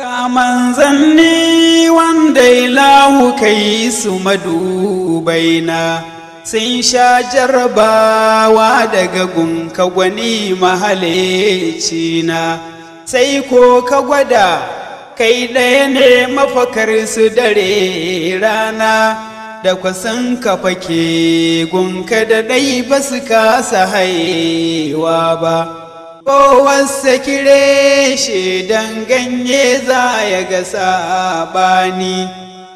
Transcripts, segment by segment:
Ga manzanni wanda ya ilahu kai su madubaina sun sha jarabawa daga gunka gwani na. sai ko ka gwada kai ɗaya ne mafakar su dare rana da kwasan ka fake gunka da ɗai ba su kasa haiwa ba. kowansa kire shi don ganye za ya ga saɓani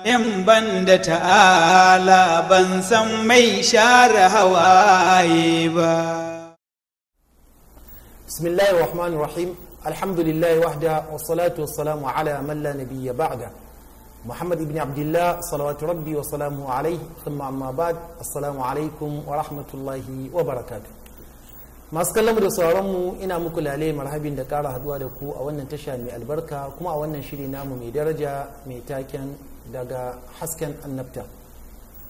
in ban da ta'ala ban san mai share hawaye ba bismillahir rahmanir rahim alhamdulillahi wahda wassalatu wassalamu ala man la nabiyya ba'da muhammad ibn abdullah salawatu rabbi wa salamu alayhi thumma amma ba'd assalamu alaikum wa rahmatullahi wa barakatuh masu kallon da sauran mu ina muku lalai marhabin da kara haduwa da ku a wannan tasha mai albarka kuma a wannan shiri namu mai daraja mai taken daga hasken annabta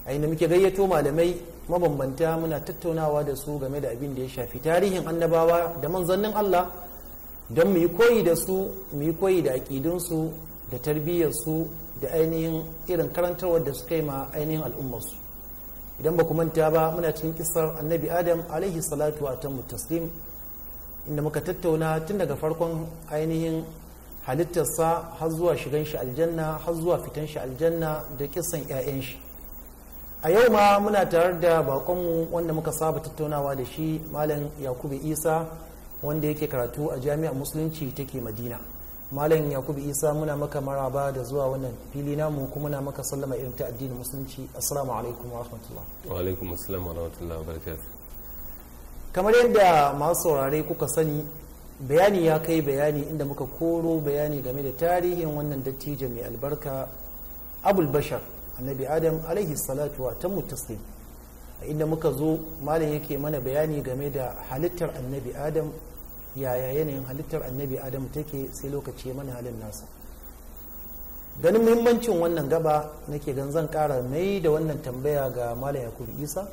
a inda muke gayyato malamai mabambanta muna tattaunawa da su game da abin da ya shafi tarihin annabawa da manzannin Allah don mu yi koyi da su mu yi koyi da aƙidunsu da tarbiyyarsu da ainihin irin karantarwar da suka yi ma ainihin al'ummarsu idan ba ku manta ba muna cikin kisar annabi adam alaihi salatu wa tammu taslim inda muka tattauna tun daga farkon ainihin halittarsa har zuwa shigan shi aljanna har zuwa fitan shi aljanna da kisan 'ya'yan shi a yau ma muna tare da bakonmu wanda muka saba tattaunawa da shi malam yakubu isa wanda yake karatu a jami'ar musulunci take madina malam yakubu isa muna maka maraba da zuwa wannan fili namu kuma na maka sallama irin ta addinin musulunci assalamu alaikum wa rahmatullah wa alaikum assalam wa rahmatullah wa kamar yadda masu saurare kuka sani bayani ya kai bayani inda muka koro bayani game da tarihin wannan dattijo mai albarka abul bashar annabi adam alaihi salatu wa tammu taslim inda muka zo malam yake mana bayani game da halittar annabi adam yaya yanayin halittar annabi adam take sai lokaci mana halin nasa ganin muhimmancin wannan gaba nake gan zan kara mai da wannan tambaya ga malam yakubu isa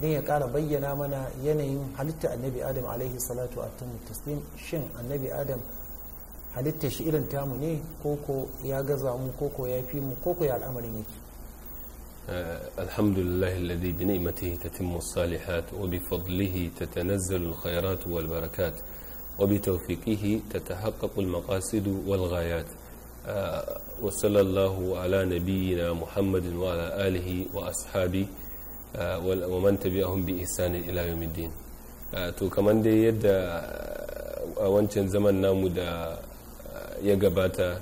don ya kara bayyana mana yanayin halitta annabi adam alaihi salatu wa taslim shin annabi adam halittar shi irin tamu ne koko ya gaza mu koko ya fi mu koko ya al'amarin yake الحمد لله الذي بنعمته تتم الصالحات وبفضله تتنزل الخيرات والبركات وبتوفيقه تتحقق المقاصد والغايات وصلى الله على نبينا محمد وعلى آله وأصحابه ومن تبعهم بإحسان إلى يوم الدين to kamar dai yadda a wancan zaman namu da ya gabata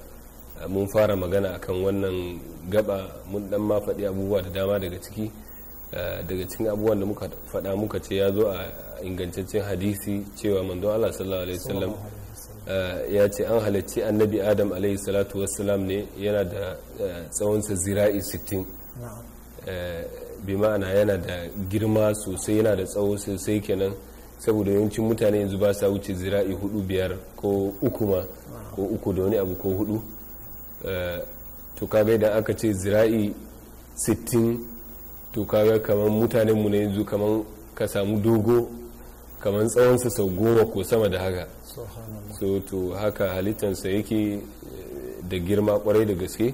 mun fara magana akan wannan gaba mun dan ma faɗi abubuwa da dama daga ciki daga cikin abubuwan da muka faɗa muka ce ya zo a ingantaccen hadisi cewa manzo Allah sallallahu alaihi wasallam eh, ya ce an halarci annabi adam alaihi salatu wassalam ne yana da eh, tsawonsa zira'i 60 eh, bi ma'ana yana da girma sosai yana da tsawo sosai kenan saboda yawancin mutane yanzu ba sa wuce zira'i hudu biyar ko uku ma ko uku da wani abu ko hudu to kaga idan aka ce zira'i 60 to kaga kamar mutanenmu ne yanzu kamar ka samu dogo kamar tsawonsa sau goma ko sama da haka so to haka halittansa yake eh, da girma kwarai da gaske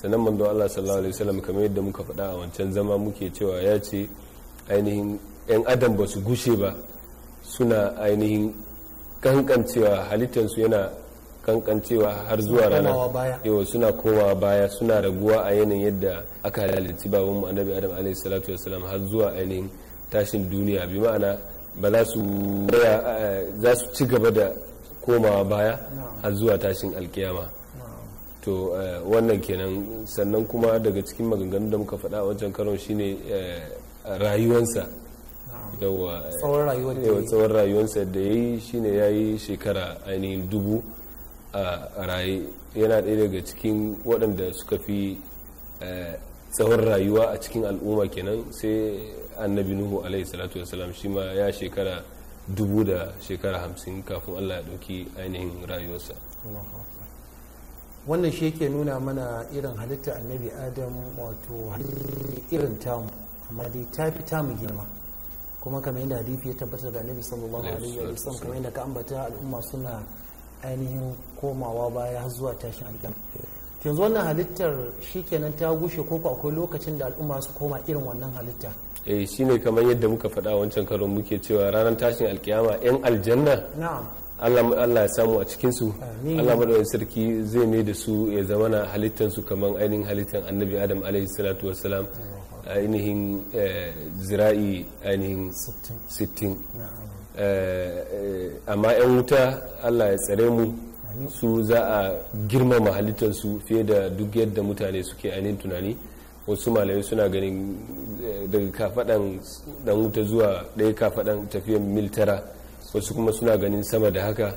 sannan manzo Allah sallallahu alaihi wasallam kamar yadda muka faɗa a wancan zama muke cewa ya ce ainihin yan adam ba su gushe ba suna ainihin kankancewa halittansu yana kankancewa har zuwa rana yawa suna kowa baya suna raguwa a yanayin yadda aka halarci babanmu annabi adam alaihi salatu wasallam har zuwa ainihin tashin duniya bi ma'ana ba eh, za su ci gaba da komawa baya har zuwa tashin alkiyama to eh, wannan kenan sannan kuma daga cikin maganganun da muka faɗa wancan karon shine eh, rayuwansa yawa tsawon rayuwarsa da ya yi shine ya yi shekara ainihin dubu a raye yana ɗaya daga cikin waɗanda suka fi tsawon rayuwa a cikin al'umma kenan sai annabi nuhu alaihi salatu wa salam shi ma ya shekara dubu da shekara hamsin kafin allah ya ɗauki ainihin rayuwarsa wannan shi yake nuna mana irin halitta annabi adam wato irin tamu amma dai ta fi tamu girma kuma kamar yadda hadithi ya tabbatar da annabi sallallahu alaihi wa sallam kamar yadda ka ambata al'umma suna ainihin komawa baya har zuwa tashin alƙam yanzu wannan halittar shikenan ta gushe ko akwai lokacin da al'umma su koma irin wannan halitta eh shine kamar yadda muka faɗa wancan karon muke cewa ranar tashin alkiyama yan aljanna Allah ya samu a cikinsu Allah madawar sarki zai mai da su ya zama na halittarsu kamar ainihin halittan annabi adam alaihi salatu wassalam ainihin eh, zira'i ainihin sittin eh, amma 'yan wuta Allah ya tsare mu su za a girmama su fiye da duk yadda mutane suke ainihin tunani wasu malamai suna ganin eh, daga kafadan dan wuta zuwa ɗaya kafaɗan tafiyan mil tara wasu kuma suna ganin sama da haka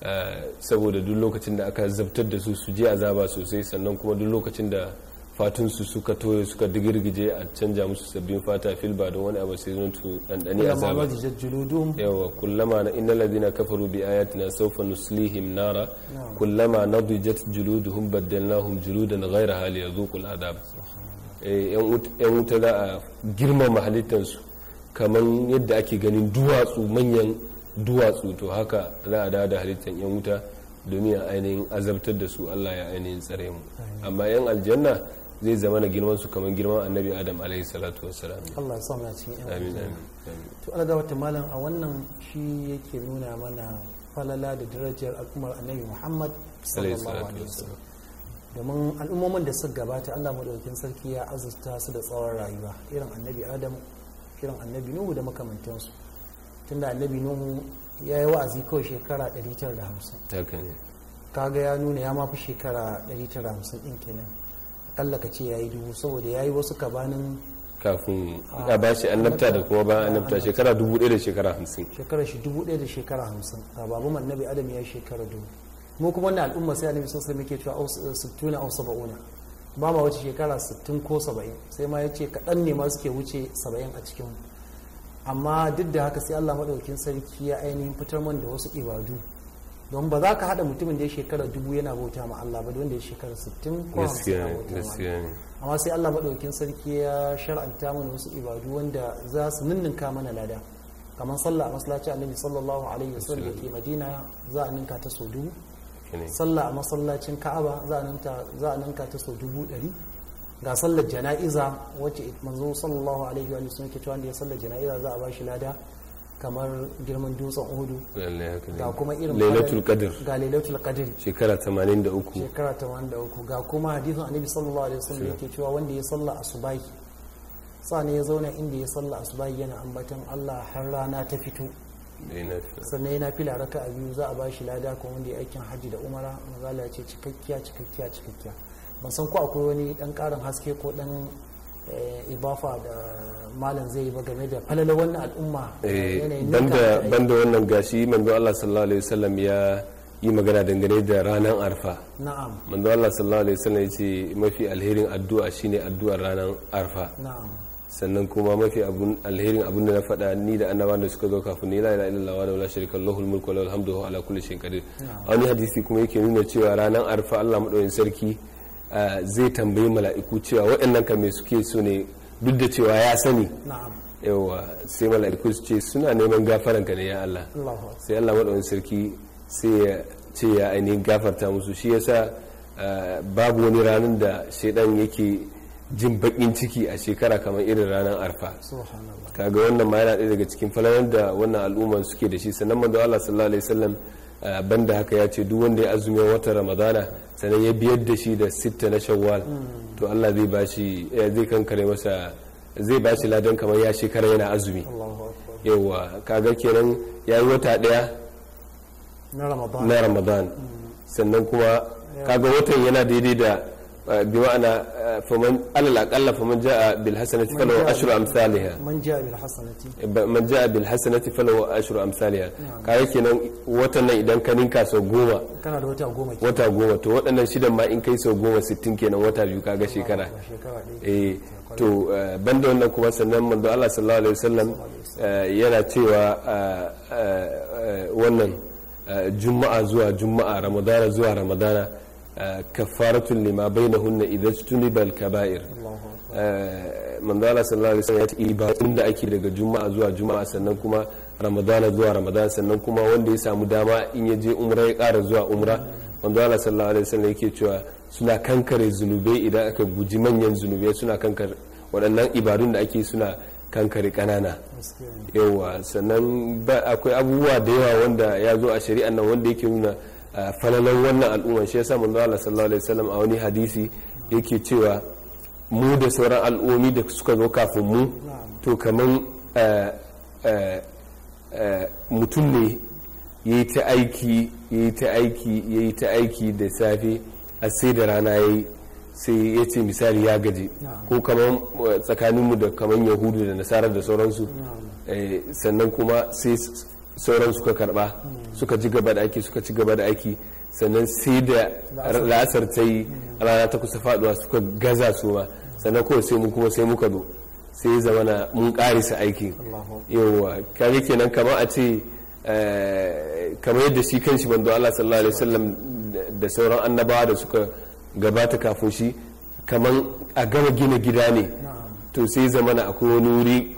eh, saboda duk lokacin da aka zabtar da su su je azaba sosai sannan kuma duk lokacin da fatunsu suka toye suka digirgije a canja musu sabbin fata ba don wani abu sai zonto ɗanɗani a zaba yawa kullama na inna ladina kafaru bi ayatina sawfa nuslihim nara kullama nadijat juluduhum baddalnahum juludan ghayra hali yadhuqul adab Eh, yan wuta za a girmama halittarsu kamar yadda ake ganin duwatsu manyan duwatsu to haka za a da halittar yan wuta domin a ainihin azabtar da su allah ya ainihin tsare mu amma yan aljanna zai zama na girman su kamar girman annabi adam alaihi salatu salam allah ya samu na cikin yan amin amin to ala dawata malam a wannan shi yake nuna mana falala da darajar al'ummar annabi muhammad sallallahu alaihi wasallam domin al'ummomin da suka gabata allah maɗaukin sarki ya azurta su da tsawon rayuwa irin annabi adam irin annabi nuhu da makamantansu tunda annabi nuhu ya yi wa'azi kawai shekara 950 kaga ya nuna ya mafi shekara 950 ɗin kenan akalla ka ce ya yi dubu saboda ya yi wasu kabanin kafin a ba shi annabta da kuma ba annabta shekara dubu ɗaya da shekara hamsin shekara shi dubu ɗaya da shekara hamsin a babu annabi adam ya shekara dubu mu kuma wanda al'umma sai annabi sallallahu alaihi wasallam cewa sittuna au saba'una ba ma wuce shekara sittin ko saba'in sai ma ya ce kaɗan ne ma suke wuce saba'in a cikin amma duk da haka sai Allah maɗaukin sarki ya ainihin fitar man da wasu ibadu don ba za ka hada mutumin da ya shekara dubu yana bauta ma Allah ba wanda ya shekara sittin ko 50 amma sai Allah maɗaukin sarki ya shar'anta mana wasu ibadu wanda za su ninninka mana lada kamar sallah a masallaci annabi sallallahu alaihi wasallam da ke madina za a ninka ta sau dubu sallah a masallacin ka'aba za a ninka ta sau dubu ɗari ga sallar jana'iza wacce manzo sallallahu alaihi wa sun ke cewa da ya sallar jana'iza za a ba shi lada kamar girman dutsen uhudu ga kuma irin lailatul qadr ga lailatul qadr shekara 83 shekara 83 ga kuma hadisin annabi sallallahu alaihi wasallam yake cewa wanda ya salla asubahi sani ya zauna inda ya salla asubahi yana ambatan Allah har rana ta fito sannan yana fila raka a biyu za a bashi lada kuma wanda ya aikin hajji da umara mazala ya ce cikakkiya cikakkiya cikakkiya ban san ko akwai wani dan karin haske ko dan eh, ibafa da malam zai yi ba game da falala wannan al'umma eh, banda wannan gashi manzo Allah sallallahu alaihi wasallam ya yi magana dangane da ranar arfa na'am manzo Allah sallallahu alaihi wasallam ya ce mafi alherin addu'a shine addu'ar ranar arfa na'am sannan kuma mafi alherin abin da na faɗa ni da annaba da suka zo kafin ni la ilaha illallah wa la sharika lahu mulku wa lahu wa ala kulli shay'in qadir wani hadisi kuma yake nuna cewa ranar arfa Allah madaukakin sarki zai tambayi mala'iku cewa waɗannan ka me suke so ne duk da cewa ya sani yawa sai mala'iku su ce suna neman gafaran ka ne ya Allah sai Allah madaukakin sarki sai ya ce ya ainihin gafarta musu shi yasa babu wani ranar da shaidan yake jin bakin ciki a shekara kamar irin ranar arfa kaga wannan ma yana ɗaya daga cikin falalar da wannan al'umma suke da shi sannan manzo Allah sallallahu alaihi wasallam eh, banda haka ya ce duk wanda ya azumi wata ramadana sannan ya biyar da shi da sitta na shawwal hmm. to Allah zai bashi eh, zai kankare masa zai bashi ladan kamar ya shekara yana azumi yawa kaga kenan ya wata daya na ramadan hmm. sannan kuma kaga watan yana daidai da bi ma'ana eh, faman alal aqalla faman jaa bil hasanati falahu ashru amsalha man jaa bil hasanati man jaa bil hasanati falahu kenan watan nan idan ka ninka sau goma wata goma to waɗannan shidan ma in kai sau goma sittin kenan wata biyu kaga shekara eh to eh, banda wannan kuma sannan manzo Allah sallallahu alaihi eh, yana cewa wannan juma'a zuwa juma'a ramadana zuwa ramadana kafaratun lima bainahunna idan tuniba al-kaba'ir eh, manzala sallallahu alaihi wasallam ya ce ibadun da ake daga juma'a zuwa juma'a sannan kuma ramadana zuwa ramadana sannan kuma wanda ya samu dama in ya je umra ya kara zuwa umra sallallahu alaihi wasallam yake cewa suna kankare zunubai idan aka guji manyan zunubai suna kankare waɗannan ibadun da ake suna kankare ƙanana yawa sannan akwai abubuwa da yawa wanda ya zo a shari'ar nan wanda yake nuna falalan wannan al'umma shi yasa manzo Allah sallallahu alaihi wasallam a wani hadisi yake cewa mu da sauran al'ummi da suka zo kafin mu to kaman mutum ne yayi ta aiki yayi ta aiki yayi ta aiki da safe a sai da rana yayi sai ya ce misali ya gaji ko kaman tsakaninmu da kaman yahudu da nasara da sauransu eh, sannan kuma sai sauran suka karba suka ji gaba da aiki suka ci gaba da aiki sannan sai da la'asar ta yi rana ta kusa faduwa suka gaza su ba sannan kawai sai mu kuma sai muka zo sai zamana mun karisa aiki yawwa kare kenan kamar a ce eh, kamar yadda shi kanshi manzo Allah sallallahu alaihi wasallam da sauran annabawa da suka gabata kafin shi kamar a gama gina gida ne to sai zamana akwai wani wuri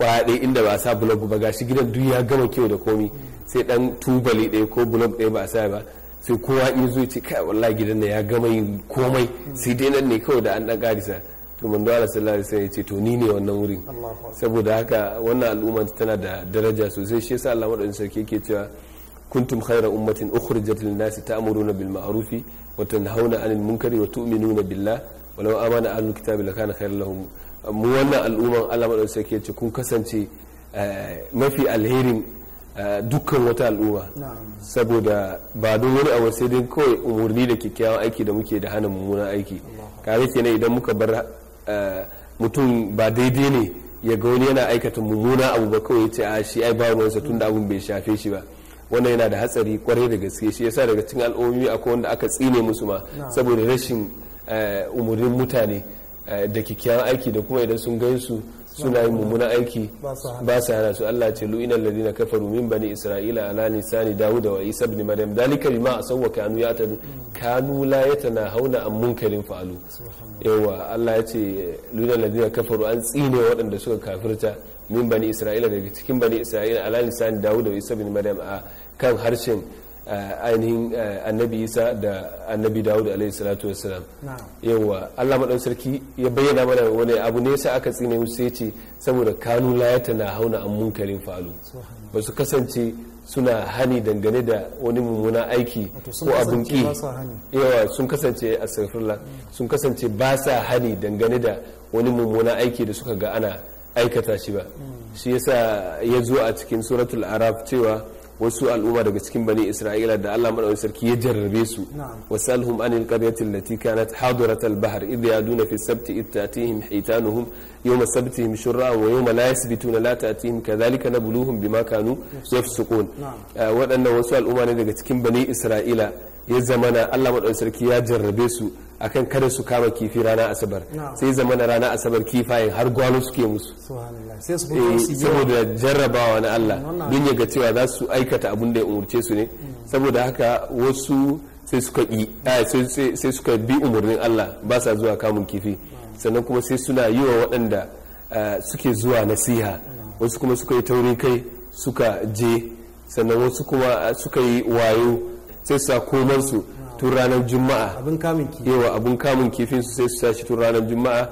kwaya ɗaya inda ba a sa blog ba gashi gidan duk ya gama kyau da komi sai dan tubali ɗaya ko blog ɗaya ba a sa ba sai kowa in zo ce kai wallahi gidan na ya gama yin komai sai dai nan ne kawai da an dan karisa to manzo Allah sallallahu alaihi wasallam ya ce to ni ne wannan wurin saboda haka wannan al'umma tana da daraja sosai shi yasa Allah madaukakin sarki yake cewa kuntum khayra ummatin ukhrijat lin-nasi ta'muruna bil ma'rufi wa tanhauna 'anil munkari wa tu'minuna billah walau amana ahlul kitabi lakana khayran lahum mu wannan al'umman Allah madaukakin ke ce kun kasance eh, mafi alherin eh, dukkan wata al'umma saboda ba don wani abu sai dai kawai umarni da kyakkyawan aiki da muke da hana mummunan aiki kare ne idan muka bar eh, mutum ba daidai ne ya ga wani yana aikata mummuna abu ba kawai ce a ah, shi ai wansa tun da abun bai shafe shi ba wannan yana da hatsari kwarai da gaske shi yasa daga cikin al'ummi akwai wanda aka tsine musu ma saboda rashin umarnin mutane Eh, da kyakkyawan aiki da kuma idan sun gaisu suna yin mummunan aiki ba su hana su Allah ce lu'ina na kafaru min bani isra'ila ala lisani dawud wa isa ibn maryam dalika bima asaw kanu ya yatadu kanu la hauna an munkarin fa'alu yawa Allah ya ce lu'ina na kafaru an tsine waɗanda suka kafirta min bani isra'ila daga cikin bani isra'ila ala lisani dawud wa isa ibn maryam a kan harshen Eh, ainihin eh, annabi isa da annabi dawud alaihi salatu wassalam yawa allah maɗan sarki ya bayyana mana wani abu ne sa aka tsine musu sai ce saboda kanu layata na hauna an munkarin falu ba su kasance suna hani dangane da wani mummuna aiki ko abin ki yawa sun kasance a sun kasance ba sa hani dangane da wani mummuna aiki da suka ga ana aikata shi ba mm. shi yasa ya zo a cikin suratul araf cewa wasu al'umma daga cikin bani isra'ila da allah maɗaukin sarki ya jarrabe su wasalhum anil qaryatin lati kanat hadratal bahr idh yaduna fi sabti ittatihim hitanuhum yawma sabti mishurra wa yawma la yasbituna la ta'tihim kadhalika nabluhum bima kanu yafsukun waɗannan wasu al'umma ne daga cikin bani isra'ila ya zamana Allah madaukakin sarki ya jarrabe su akan kada su kama kifi rana asabar sai zamana rana asabar kifayen har gwalo suke musu saboda jarrabawa na Allah don ya ga cewa za su aikata abun da ya umurce su ne saboda haka wasu sai suka bi umarnin Allah ba sa zuwa kamun kifi sannan kuma sai suna yi wa waɗanda eh, suke zuwa nasiha wasu kuma suka yi taurin kai suka je sannan wasu kuma suka yi wayo sai su sa komansu tun ranar juma'a abin kamun kifin yawa abin kamun kifin su sai su sashi tun ranar juma'a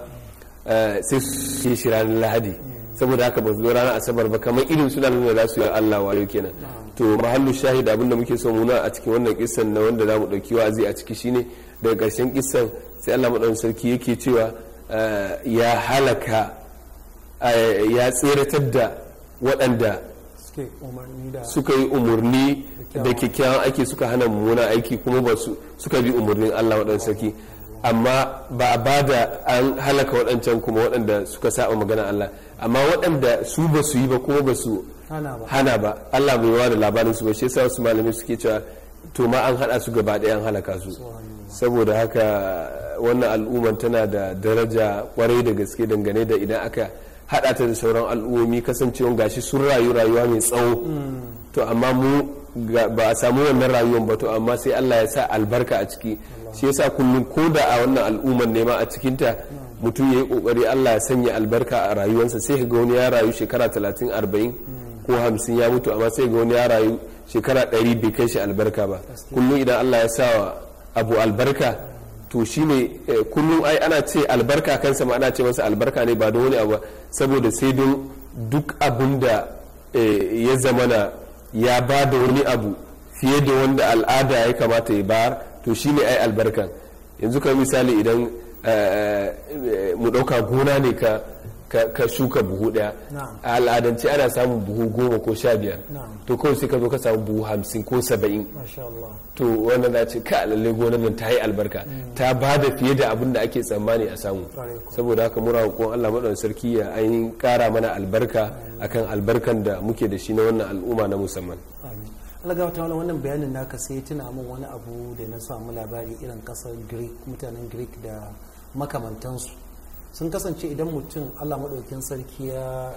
eh, sai su yi shi ranar lahadi saboda haka ba su zo ranar asabar ba kamar irin suna nuna za su yi allah wayo kenan to mahallu shahid abinda muke son muna a cikin wannan kisan na wanda za mu ɗauki wa'azi a ciki shine daga ƙarshen kisan sai allah maɗan sarki yake cewa ya halaka ya tseratar da waɗanda suka yi umarni da kyakkyawan aiki suka hana mummunan aiki kuma ba su suka bi umarnin Allah waɗansu sarki amma ba a ba da an halaka waɗancan kuma waɗanda suka saba magana Allah amma waɗanda su ba su yi ba kuma ba su hana ba Allah bai wa da labarin su ba shi yasa wasu malamai suke cewa to ma an hada su gaba ɗaya an halaka su saboda haka wannan al'umman tana da daraja kwarai da gaske dangane da idan aka hada ta da sauran al'ummi kasancewa gashi sun rayu rayuwa mai tsawo to amma mu ba a samu wannan rayuwar ba to amma sai Allah ya sa albarka a ciki shi yasa kullum ko da a wannan al'umman ne ma a ta mutum yayi yi kokari Allah ya sanya albarka a rayuwarsa sai ga wani ya rayu shekara 30 40 ko 50 ya mutu amma sai ga wani ya rayu shekara ɗari bai kai shi albarka ba kullum idan allah ya sawa abu albarka to shi ne eh, kullum ai ana ce albarka kansa ma ana ce masa albarka ne ba don wani abu saboda sai don duk abun da eh, ya zamana ya ba da wani abu fiye da wanda al'ada ya kamata ya bayar to shi ne ai albarka yanzu ka misali idan eh, mu ɗauka gona ne ka ka shuka buhu daya a al'adance ana samun buhu goma ko sha biyar to kawai sai ka zo ka samu buhu hamsin ko saba'in to wannan za ce ka lallai gonar nan ta yi albarka mm. ta ba da fiye da abin da ake tsammani a samu saboda haka mura hukun allah maɗan sarki ya yi ƙara mana albarka akan albarkan da muke da shi na wannan al'umma na musamman alagawa wannan bayanin naka sai tuna min wani abu da na samu labari irin kasar greek mutanen greek da makamantansu sun kasance idan mutum allah maɗaukin sarki ya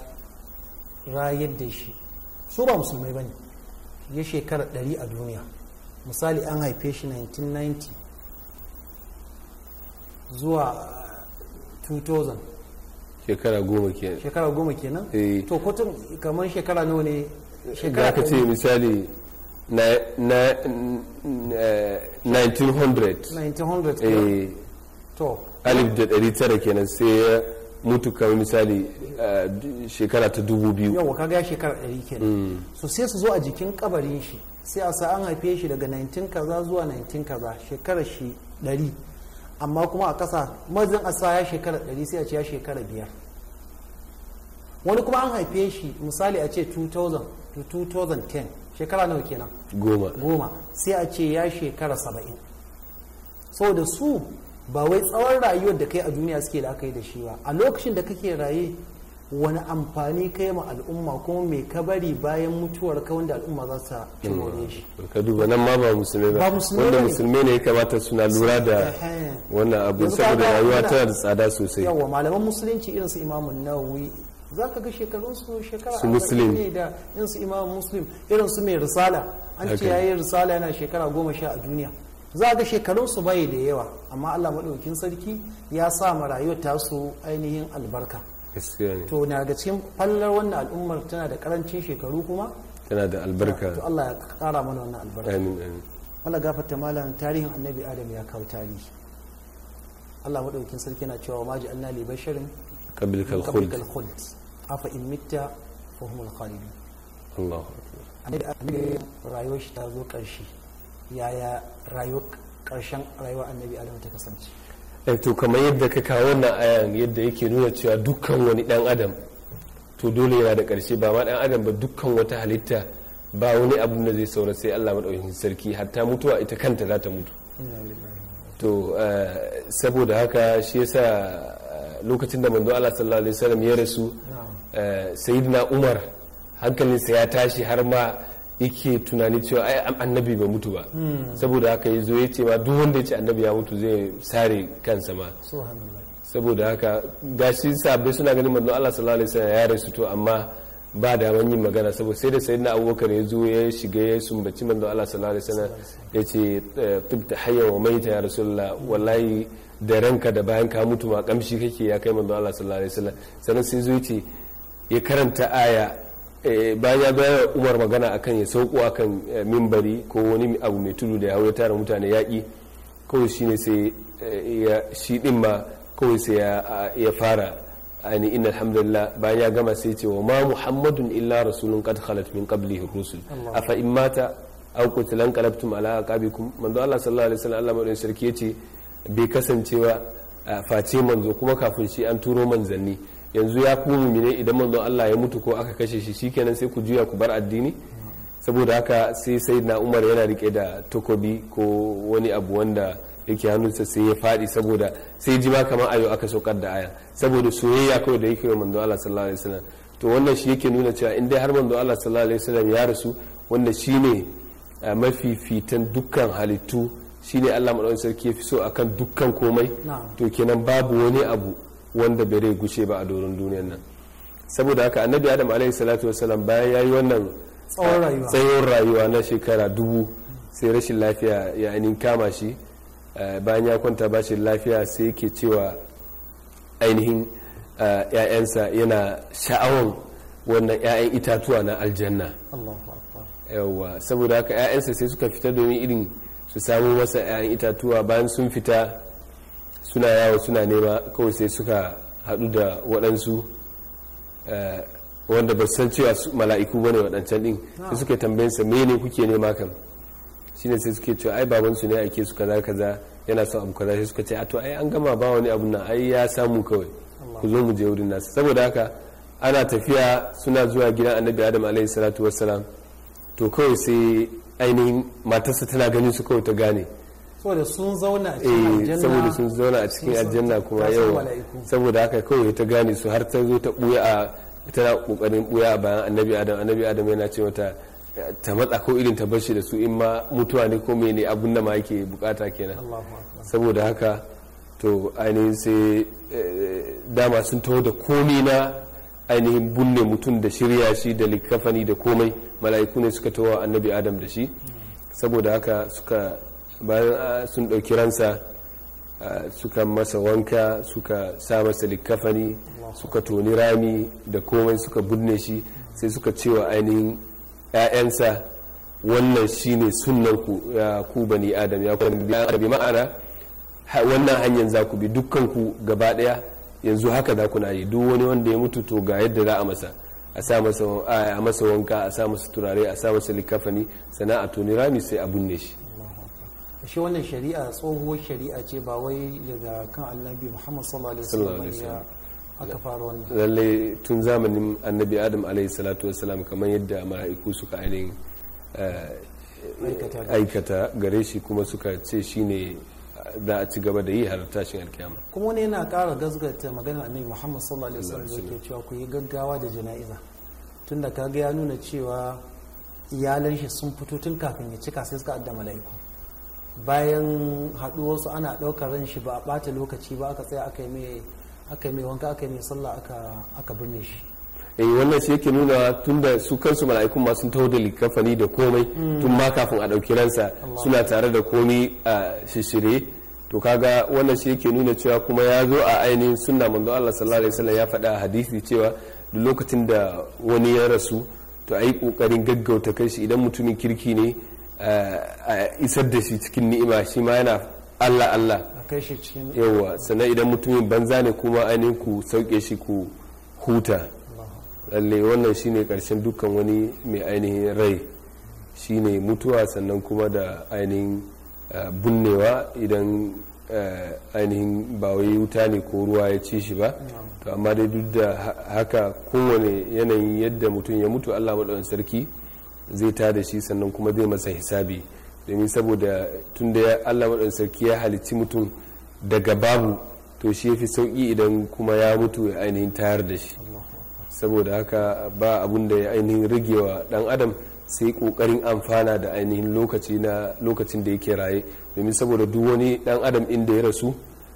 rayar da shi su ba musulmai ba ne ya shekara ɗari a duniya misali an haife shi 1990 zuwa 2000 shekara goma kenan shekara eh. goma kenan to kotun kamar shekara nawa ne shekara ka ce misali 1900 1900 eh, eh. to alif da ɗari tara kenan sai ya mutu kamar misali eh, shekara ta dubu biyu yawa kaga shekara ɗari kenan mm. so sai su zo a jikin kabarin shi sai a sa an haife shi daga 19 kaza zuwa 19 kaza shekarar shi ɗari amma kuma a ƙasa mazin a sa ya shekara ɗari sai a ce ya shekara biyar wani kuma an haife shi misali a ce 2000 to 2010 shekara nawa kenan goma goma sai a ce ya shekara saba'in saboda su ba wai tsawon rayuwar da kai a duniya suke da aka yi da shi ba a lokacin da kake raye wani amfani kai ma al'umma kuma mai kabari bayan mutuwar ka wanda al'umma za su cimore shi ka duba nan ma ba musulmi ba wanda musulmi ne ya kamata suna lura da wannan abu saboda rayuwa tana da tsada sosai yawa malaman musulunci irin su imamun nawawi za ka ga shekarun su shekara su muslim ne da irin su imam muslim irin su mai risala an ce yayi risala yana shekara goma sha a duniya za ga shekarunsu bai da yawa amma allah maɗaukin sarki ya sa ma rayuwar su ainihin albarka to na ga cikin fallar wannan al'ummar tana da karancin shekaru kuma tana da albarka to allah ya kara mana wannan albarka amin amin allah gafarta malam tarihin annabi adam ya kawo tarihi allah maɗaukin sarki na cewa ma ji'alna li basharin qablika al-khuld afa in mitta fa humul khalidun allah annabi rayuwar shi ta zo ƙarshe yaya rayuwar ƙarshen rayuwar annabi adam ta kasance eh, to kamar yadda ka kawo wannan ayan yadda yake nuna cewa dukkan wani dan adam to dole yana da karshe ba ma dan adam ba dukkan wata halitta ba wani abu da zai saura sai Allah madaukakin sarki hatta mutuwa ita kanta za ta mutu to eh, saboda haka shi yasa eh, lokacin da manzo Allah sallallahu alaihi wasallam ya rasu sayyidina Umar hankalinsa ya tashi har ma yake tunani cewa ai annabi bai mutu ba hmm. saboda haka ya zo ya ce ma duk wanda ya ce annabi ya mutu zai sare kansa ma saboda haka gashi sabbi suna ganin manzon Allah sallallahu alaihi wasallam ya rasu to amma ba da yin magana saboda sai da sayyidina Abubakar ya zo ya shiga ya sumbaci manzon Allah sallallahu alaihi wasallam ya ce eh, tibta hayya wa maita ya rasulullah wallahi da ranka da bayan ka mutu ma kamshi kake ya kai manzon Allah sallallahu alaihi wasallam sannan sai zo ya ce ya karanta aya Eh, ba ya bayar umar magana akan ya sauko akan eh, mimbari ko wani abu mai tudu da ya hau ya tara mutane yaƙi kawai shi ne sai eh, shi ɗin ma kawai sai ya fara ani inna alhamdulillah bayan ya gama sai cewa ma muhammadun illa rasulun qad khalat min qablihi rusul afa in mata aw qutilan qalabtum ala aqabikum manzo Allah sallallahu alaihi wasallam Allah sarki yace bai kasancewa face manzo kuma kafin shi an turo manzanni yanzu ya ku mumine idan manzon Allah ya mutu ko aka kashe shi shi shikenan sai ku juya ku bar addini saboda haka sai sai na umar yana rike da takobi ko wani abu wanda yake hannunsa sai ya fadi saboda sai ji ma kamar ayo aka saukar da aya saboda soyayya kawai da yake wa manzo Allah sallallahu alaihi wasallam to wannan shi yake nuna cewa in dai har manzo Allah sallallahu alaihi wasallam ya rasu wanda shine mafifitan dukkan halittu shine Allah madaukakin sarki ya fi so akan dukkan komai to kenan babu wani abu wanda bai rai gushe ba a doron duniyan nan saboda haka annabi adam alaihi salatu wasalam bayan ya yi wannan tsawon rayuwa na shekara dubu sai rashin lafiya ya ainihin kama shi eh, bayan ya kwanta bashin lafiya sai yake cewa ainihin eh, ‘ya'yansa yana sha'awan wannan ‘ya'yan itatuwa na aljanna yawwa saboda haka ‘ya'yansa sai suka fita domin irin su samu masa ‘ya'yan itatuwa bayan sun fita suna yawo suna nema kawai sai suka haɗu da waɗansu eh, wanda ba san cewa mala'iku bane waɗancan ɗin ah. sai suka tambayin sa ne kuke nema shi shine sai suke cewa ai baban su ne ake su kaza kaza yana son abu kaza sai suka ce a to ai an gama ba wani abu na ai ya samu kawai ku zo mu je wurin nasu saboda haka ana tafiya suna zuwa gidan annabi adam alaihi salatu wassalam to kawai sai ainihin matarsa tana ganin su kawai ta gane saboda sun zauna a cikin eh, aljanna kuma yau saboda haka kawai ta gane su har ta zo ta buya a tana kokarin buya a bayan annabi adam annabi adam yana ce mata ta matsa ko irin ta bashi da su in ma mutuwa ne ko mene abun da ma yake bukata kenan saboda haka to ainihin sai eh, dama sun taho da komai na ainihin bunne mutum da shirya shi da likafani da komai mala'iku ne suka taho annabi adam da shi hmm. saboda haka suka bayan ah, sun ɗauki ransa ah, suka masa wanka suka sa masa likafani suka toni rami da komai suka binne shi sai suka cewa ainihin 'ya'yansa wannan shine sunnan ku bani adam ya kuma bi ma'ana wannan hanyar za ku bi dukkanku ku gaba daya yanzu haka za ku na yi duk wani wanda ya mutu to ga yadda za a masa a sa masa wanka a sa masa turare a sa masa likafani sana'a toni rami sai a binne shi shi wannan shari'a tsohuwar shari'a ce ba wai daga kan annabi muhammad sallallahu alaihi wasallam aka fara wannan lalle tun zamanin annabi adam alaihi salatu wasallam kamar yadda mala'iku suka ainihin eh, aikata gare shi kuma suka ce shine da a ci gaba da yi har tashin alkiyama kuma wani yana ƙara gasgata maganar annabi muhammad sallallahu alaihi wasallam da cewa ku yi gaggawa da jana'iza tunda kaga ya nuna cewa iyalan shi sun fito tun kafin ya cika sai suka adda mala'iku bayan haɗuwarsu ana ɗaukar ran shi ba a ɓata lokaci ba aka tsaya aka yi mai aka yi wanka aka yi mai sallah aka binne shi eh wannan shi yake nuna tunda su kansu mala'ikun ma sun taho da likafani da komai mm. tun ma kafin a ɗauki ransa suna tare da komai a shishire to kaga wannan shi yake nuna cewa kuma ya zo a ainihin sunna manzo Allah sallallahu alaihi wasallam ya faɗa a hadisi cewa duk lokacin da wani ya rasu to ayi kokarin gaggauta kai shi idan mutumin kirki ne a isar da shi cikin ni'ima shi ma yana allah allah yawa sannan idan mutumin banza ne kuma ainihin ku sauke shi ku huta lalle wannan shine karshen dukkan wani mai ainihin rai shine mutuwa sannan kuma da ainihin bunnewa idan ainihin ba wuta ne ko ruwa ya ci shi ba to amma dai duk da haka kowane yanayin yadda mutum ya mutu allah maɗaukin sarki zai ta da shi sannan kuma zai masa hisabi domin saboda tun da allah maɗan sarki ya halicci mutum daga babu to shi ya fi sauƙi idan kuma ya mutu ya ainihin tayar da shi saboda haka ba abun da ya ainihin rigewa ɗan adam sai ƙoƙarin amfana da ainihin lokaci na lokacin da yake raye domin saboda duk wani ɗan adam inda ya rasu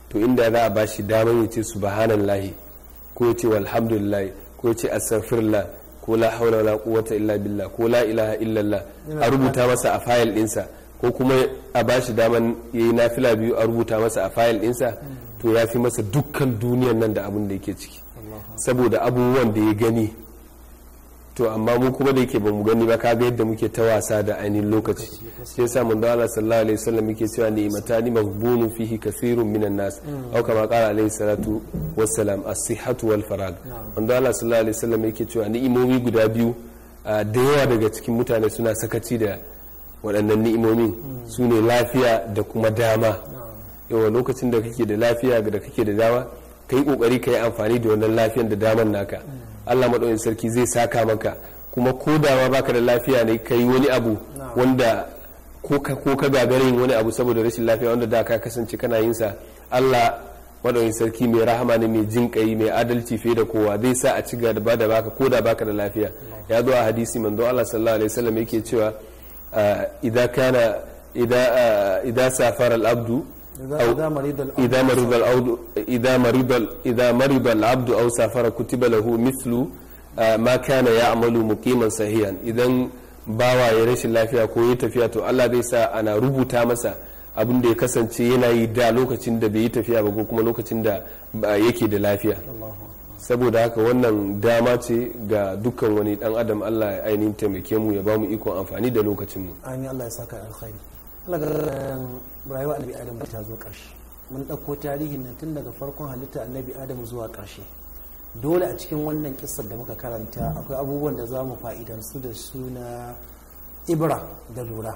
to inda za a ba shi damar ya ce subhanallahi ko ya ce walhamdulillah ko ya ce astaghfirullah ko la haula wala quwwata illa billah ko la ilaha illallah a rubuta masa a fayil dinsa ko kuma a bashi daman yayi nafila biyu a rubuta masa a fayil dinsa mm. to yafi masa dukkan duniyan nan da abun da yake ciki saboda abubuwan da ya gani to amma mu kuma da yake mu gani ba kaga yadda muke ta wasa da ainihin lokaci shi yasa manzo Allah sallallahu alaihi wasallam yake cewa ni matani maghbunun fihi kathirun minan nas aw kama qala alaihi salatu wassalam as-sihhatu wal farag manzo Allah sallallahu alaihi wasallam yake cewa ni'imomi guda biyu da yawa daga cikin mutane suna sakaci da waɗannan ni'imomin mm. su ne lafiya da kuma dama yawa lokacin da kake da lafiya da kake da dama ka yi kokari ka yi amfani da wannan lafiyan da daman naka allah maɗaukin sarki zai saka maka kuma ko da ma baka da lafiya ne ka yi wani abu wanda ko ka gagara yin wani abu saboda rashin lafiya wanda da ka kasance kana yin sa allah maɗaukin sarki mai rahama ne mai jin kai mai adalci fiye da kowa zai sa a ci gaba da baka ko da baka da lafiya ya zo a hadisi manzo allah sallallahu alaihi wasallam yake cewa ah, idan kana idan ah, safara al-abdu إذا مرض العبد إذا مرض إذا مرض العبد أو سافر كتب له مثل ما كان يعمل مقيما صحيحا إذا bawa ya rashin lafiya ko ya tafiya to Allah zai sa ana rubuta masa abin da ya kasance yana yi da lokacin da bai yi tafiya ba ko kuma lokacin da yake da lafiya saboda haka wannan dama ce ga dukkan wani dan adam Allah ya ainihin taimake mu ya ba mu ikon amfani da lokacin mu Allah ya saka Eh, rayuwa annabi adam ta zo ƙarshe mun ɗauko tarihin nan tun daga farkon halitta annabi adam zuwa ƙarshe dole a cikin wannan kissar da muka karanta akwai abubuwan da za mu fa'idansu da suna ibra da lura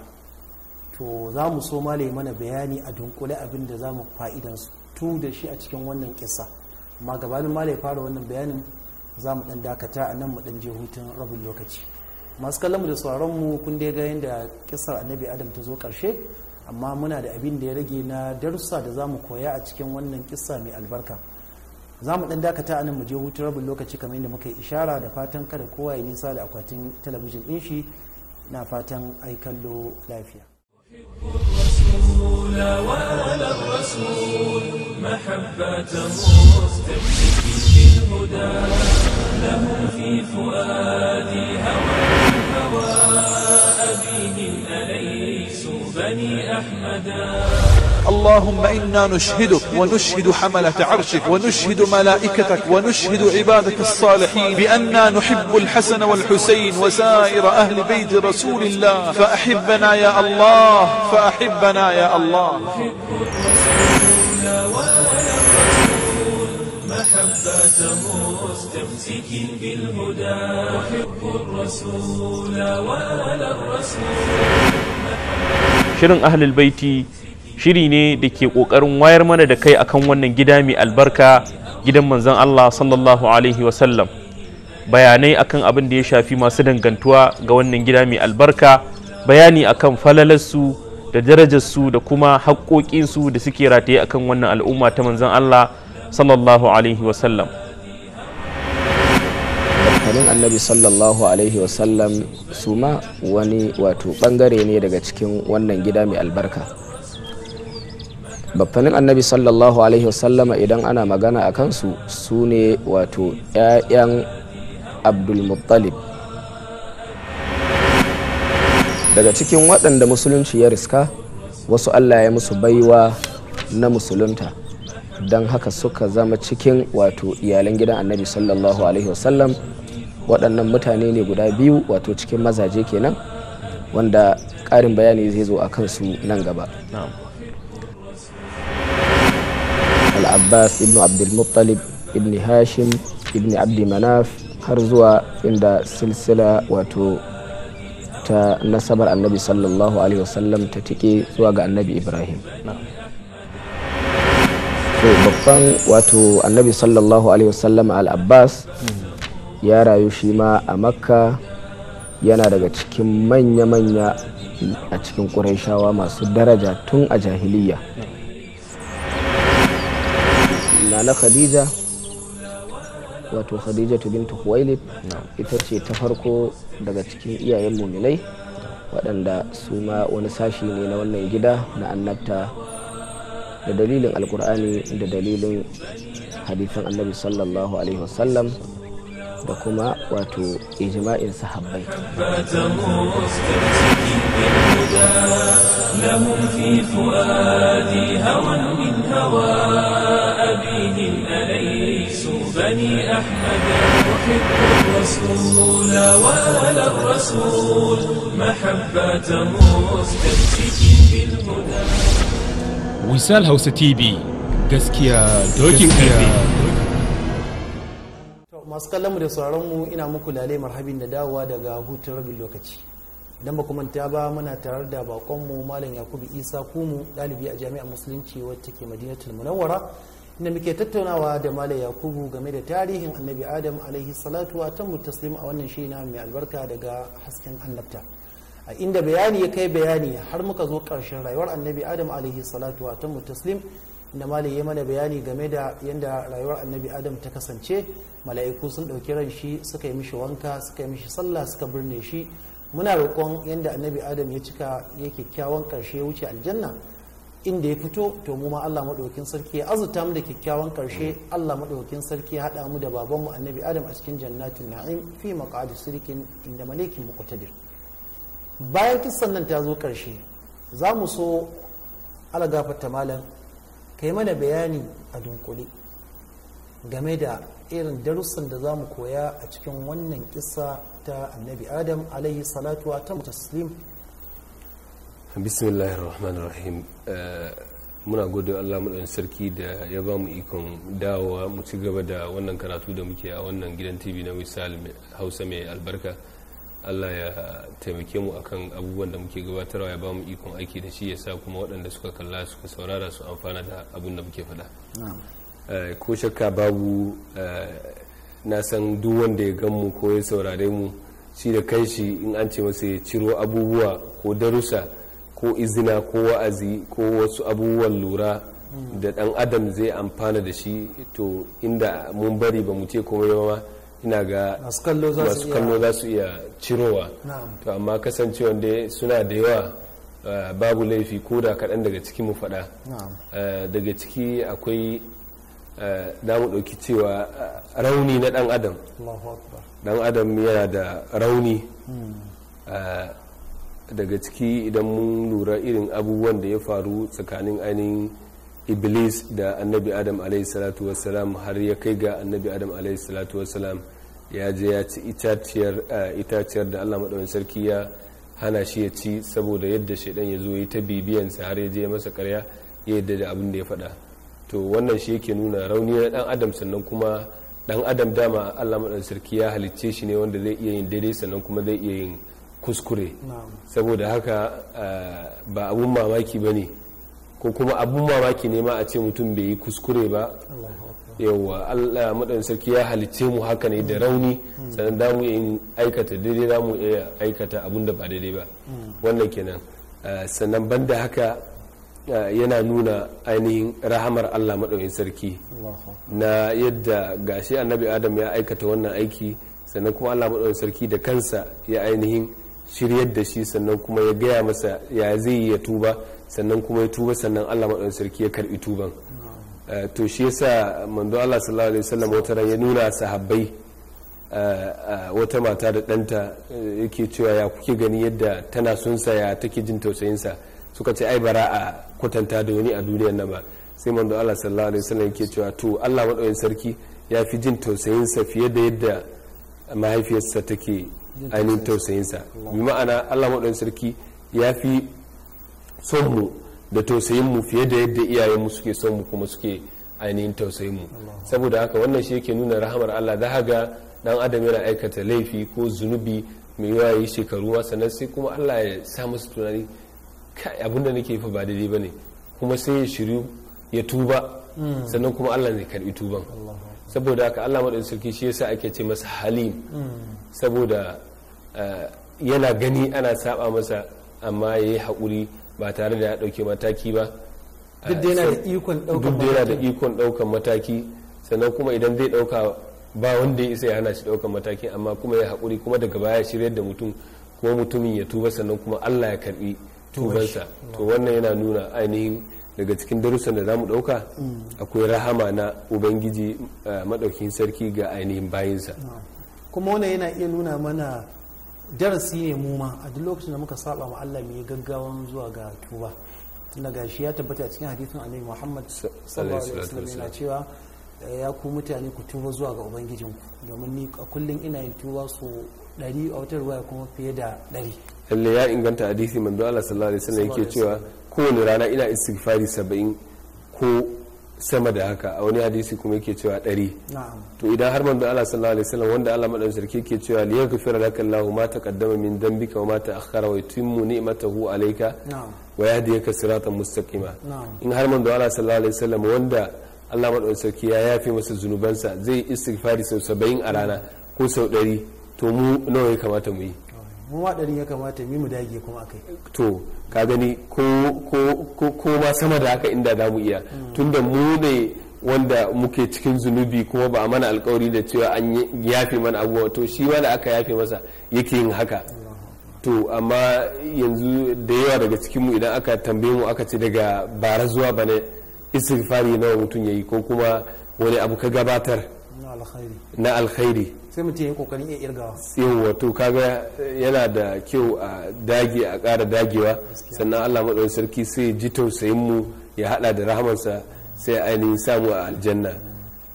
to za mu so ma mana bayani a dunkule abin da za mu fa'idansu tu da shi a cikin wannan kisa amma gabanin ma fara wannan bayanin za mu ɗan dakata a nan mu ɗan je hutun rabin lokaci masu kallon mu da sauraron mu kun dai ga yadda kisar annabi adam ta zo karshe amma muna da abin da ya rage na darussa da zamu koya a cikin wannan kisa mai albarka za mu dan dakata anan mu je hutu rabin lokaci kamar yadda muka yi ishara da fatan kada kowa ya nisa da akwatin talabijin din shi na fatan ai kallo lafiya اللهم إنا نشهدك ونشهد حملة عرشك ونشهد ملائكتك ونشهد عبادك الصالحين بأننا نحب الحسن والحسين وسائر أهل بيت رسول الله فأحبنا يا الله فأحبنا يا الله shirin مستمسك baiti shiri ne da ke ƙoƙarin wayar mana da kai akan wannan gida mai albarka gidan manzon Allah sallallahu alaihi wasallam bayanai akan abin da ya shafi masu dangantuwa ga wannan gida mai albarka bayani akan falalarsu da darajarsu da kuma haƙoƙinsu da suke rataye akan wannan al'umma ta manzon Allah sallallahu alaihi kanin annabi sallallahu alaihi wasallam su ma wani wato bangare ne daga cikin wannan gida mai albarka baffanin annabi sallallahu alaihi wasallama idan ana magana a kansu su ne wato 'ya'yan abdulmuttalib daga cikin waɗanda musulunci ya riska wasu allah ya musu baiwa na musulunta don haka suka zama cikin wato iyalan gidan annabi sallallahu alaihi wasallam waɗannan mutane ne guda biyu wato cikin mazaje kenan wanda ƙarin bayani zai zo a kansu nan gaba al-abbas ibn abdulmuttalib ibn hashim ibn abdi manaf har zuwa inda silsila wato ta nasabar annabi sallallahu alaihi wasallam ta tike zuwa ga annabi ibrahim babban wato annabi sallallahu alaihi wasallam al-abbas ya rayu shi ma a makka yana daga cikin manya-manya a cikin ƙuraishawa masu daraja tun a jahiliya nana khadija wato khadija bintu huwailid ita ce ta farko daga cikin iyayen muminai waɗanda su ma wani sashi ne na wannan gida na annabta da dalilin alkur'ani da dalilin hadisan annabi sallallahu alaihi wasallam da kuma wato ijma'in sahabbai محبة مستمسك بالهدى wisal hausa tv gaskiya dokin karfi masu kallon mu da sauraron mu ina muku lalai marhabin da dawowa daga hutun rabin lokaci idan ba manta ba muna tarar da bakon mu malam yakubu isa kumu dalibi a jami'ar musulunci wacce ke madinatul munawwara inda muke tattaunawa da malam yakubu game da tarihin annabi adam alaihi salatu wa tammu taslim a wannan shi na mai albarka daga hasken annabta a inda bayani ya kai bayani har muka zo ƙarshen rayuwar annabi adam alaihi salatu wa tamu taslim inda malai ya mana bayani game da yadda rayuwar annabi adam ta kasance mala'iku sun ɗauki ran shi suka yi mishi wanka suka yi mishi sallah suka birne shi muna roƙon yadda annabi adam ya cika ya kyakkyawan ƙarshe ya wuce aljanna inda ya fito to mu ma Allah maɗaukin sarki ya azurta mu da kyakkyawan ƙarshe Allah maɗaukin sarki ya haɗa mu da babanmu annabi adam a cikin jannatin na'im fi maqadi sirkin inda malikin muqtadir bayan kissan nan ta zo ƙarshe za mu so alagafata malam ka yi mana bayani a dunkule game da irin darussan da za mu koya a cikin wannan kisa ta annabi adam alayhi salatu wa ta mutaslim bismillahirrahmanirrahim eh, muna gode Allah maɗaukin sarki da ya ba mu ikon dawowa mu ci gaba da wannan karatu da muke a wannan gidan tv na misal hausa mai albarka allah ya taimake mu akan abubuwan da muke gabatarwa ya ba mu ikon aiki da shi ya sa kuma waɗanda suka kalla suka saurara su amfana da abun da muke faɗa eh, ko shakka babu eh, na san duk wanda ya gan mu ko ya saurare mu shi da kai shi in an ce masa ya ciro abubuwa ko darussa ko izina ko wa'azi ko wasu abubuwan lura mm. da dan adam zai amfana da shi to inda mun bari ba mu ce komai ba ina ga masu kallo za su iya cirowa to amma kasancewa wanda suna da yawa eh, babu laifi ko da kaɗan daga ciki mu faɗa eh, daga ciki akwai damu eh, ɗauki cewa rauni na ɗan adam ɗan adam yana da rauni hmm. daga ciki idan mun lura irin abubuwan da ya faru tsakanin ainihin iblis da annabi adam alaihissalatu wassalam har ya kai ga annabi adam alaihissalatu wassalam ya je ya ci itaciyar eh, da allah maɗaukin sarki ya hana shi ya ci saboda yadda shaidan ya zo yi ta bibiyansa har ya je masa karya ya yadda da abin da ya faɗa to wannan shi yake nuna rauni na ɗan adam sannan kuma ɗan adam dama allah maɗaukin sarki ya halicce shi ne wanda zai iya yin daidai sannan kuma zai iya yin kuskure saboda haka eh, ba abun mamaki ba ne ko kuma abun mamaki ne ma a ce mutum bai yi kuskure ba yauwa allah maɗan sarki ya halicce mu haka ne da rauni sannan da mu yin aikata daidai da mu iya aikata abun da ba daidai ba wannan kenan ah, sannan banda haka ah, yana nuna ainihin rahamar allah maɗaukin sarki na yadda gashi annabi adam ya aikata wannan aiki sannan kuma allah maɗaukin sarki da kansa ya ainihin shiryar da shi sannan kuma ya gaya masa ya zai ya tuba sannan kuma ya tuba sannan Allah maɗaukakin sarki ya karbi tuban eh, to shi yasa manzo Allah sallallahu alaihi wasallam wata ran ya nuna sahabbai eh, eh, wata mata da ɗanta yake cewa ya kuke gani yadda tana sunsa ya take jin tausayinsa suka ce ai bara a kwatanta da wani a duniyar na ba sai manzo Allah sallallahu alaihi wasallam yake cewa to Allah maɗaukakin sarki ya fi jin tausayinsa fiye da yadda mahaifiyarsa take ainihin tausayinsa bi ma'ana Allah maɗaukakin sarki ya fi son mu da tausayin mu fiye da yadda iyayen mu suke son mu kuma suke ainihin tausayin mu saboda haka wannan shi yake nuna rahamar Allah za ga dan adam yana aikata laifi ko zunubi mai yawa yi shekaru sannan sai kuma Allah ya sa musu tunani kai abinda nake fa ba daidai bane kuma sai ya shiru ya tuba hmm. sannan kuma Allah ne karbi tuban saboda haka Allah madan sarki shi yasa ake ce masa halim hmm. saboda eh, yana gani ana saba masa amma yayi hakuri. ba tare da ya ɗauke mataki ba duk yana da ikon ɗaukan mataki sannan kuma idan zai ɗauka ba wanda ya isa ya hana shi ɗaukan mataki amma kuma ya haƙuri kuma daga baya shiryar da mutum kuma mutumin ya tuba sannan kuma allah ya karɓi tubansa to wannan yana nuna ainihin daga cikin darussan da za mu ɗauka mm. akwai rahama na ubangiji eh, maɗaukin sarki ga ainihin bayinsa kuma wannan yana iya nuna mana darasi ne mu ma a duk lokacin da muka saba ma Allah mai gaggawan zuwa ga tuba tunda shi ya tabbata a cikin hadisin Annabi Muhammad sallallahu alaihi wasallam yana cewa ya ku mutane ku tuba zuwa ga ubangijinku domin ni a kullum ina yin tuba so 100 a wata ruwaya kuma fiye da 100 lalle ya inganta hadisi manzo Allah sallallahu alaihi wasallam yake cewa kowane rana ina istighfari 70 ko sama da haka a wani hadisi kuma yake cewa ɗari to idan har manzo Allah sallallahu alaihi wasallam wanda Allah madan sarki yake cewa li yaghfira laka Allahu ma taqaddama min dhanbika wa ma ta'akhkhara wa yutimmu ni'matahu alayka wa yahdiyaka siratan mustaqima in har manzo Allah sallallahu alaihi wasallam wanda Allah madan sarki ya yafi masa zunubansa zai istighfari sau 70 a rana ko sau 100 to mu nawa ya kamata mu yi mu ma 100 ya kamata mu mu dage kuma akai to ka gani ko ma sama da haka inda za mu iya tunda mu ne wanda muke cikin zunubi kuma ba a mana alkawari da cewa an yafe mana abubuwa to shi ma da aka yafe masa yake yin haka to amma yanzu da yawa daga cikinmu idan aka tambaye mu aka ce daga bara zuwa bane istighfari nawa mutum ya yi ko kuma wani abu ka gabatar na alkhairi sai mutum ya kokarin ya irgawa yawa to kaga yana da kyau a dage a ƙara dagewa sannan Allah maɗan sarki sai ji tausayin mu ya hada da rahamarsa sai ainihin samu a aljanna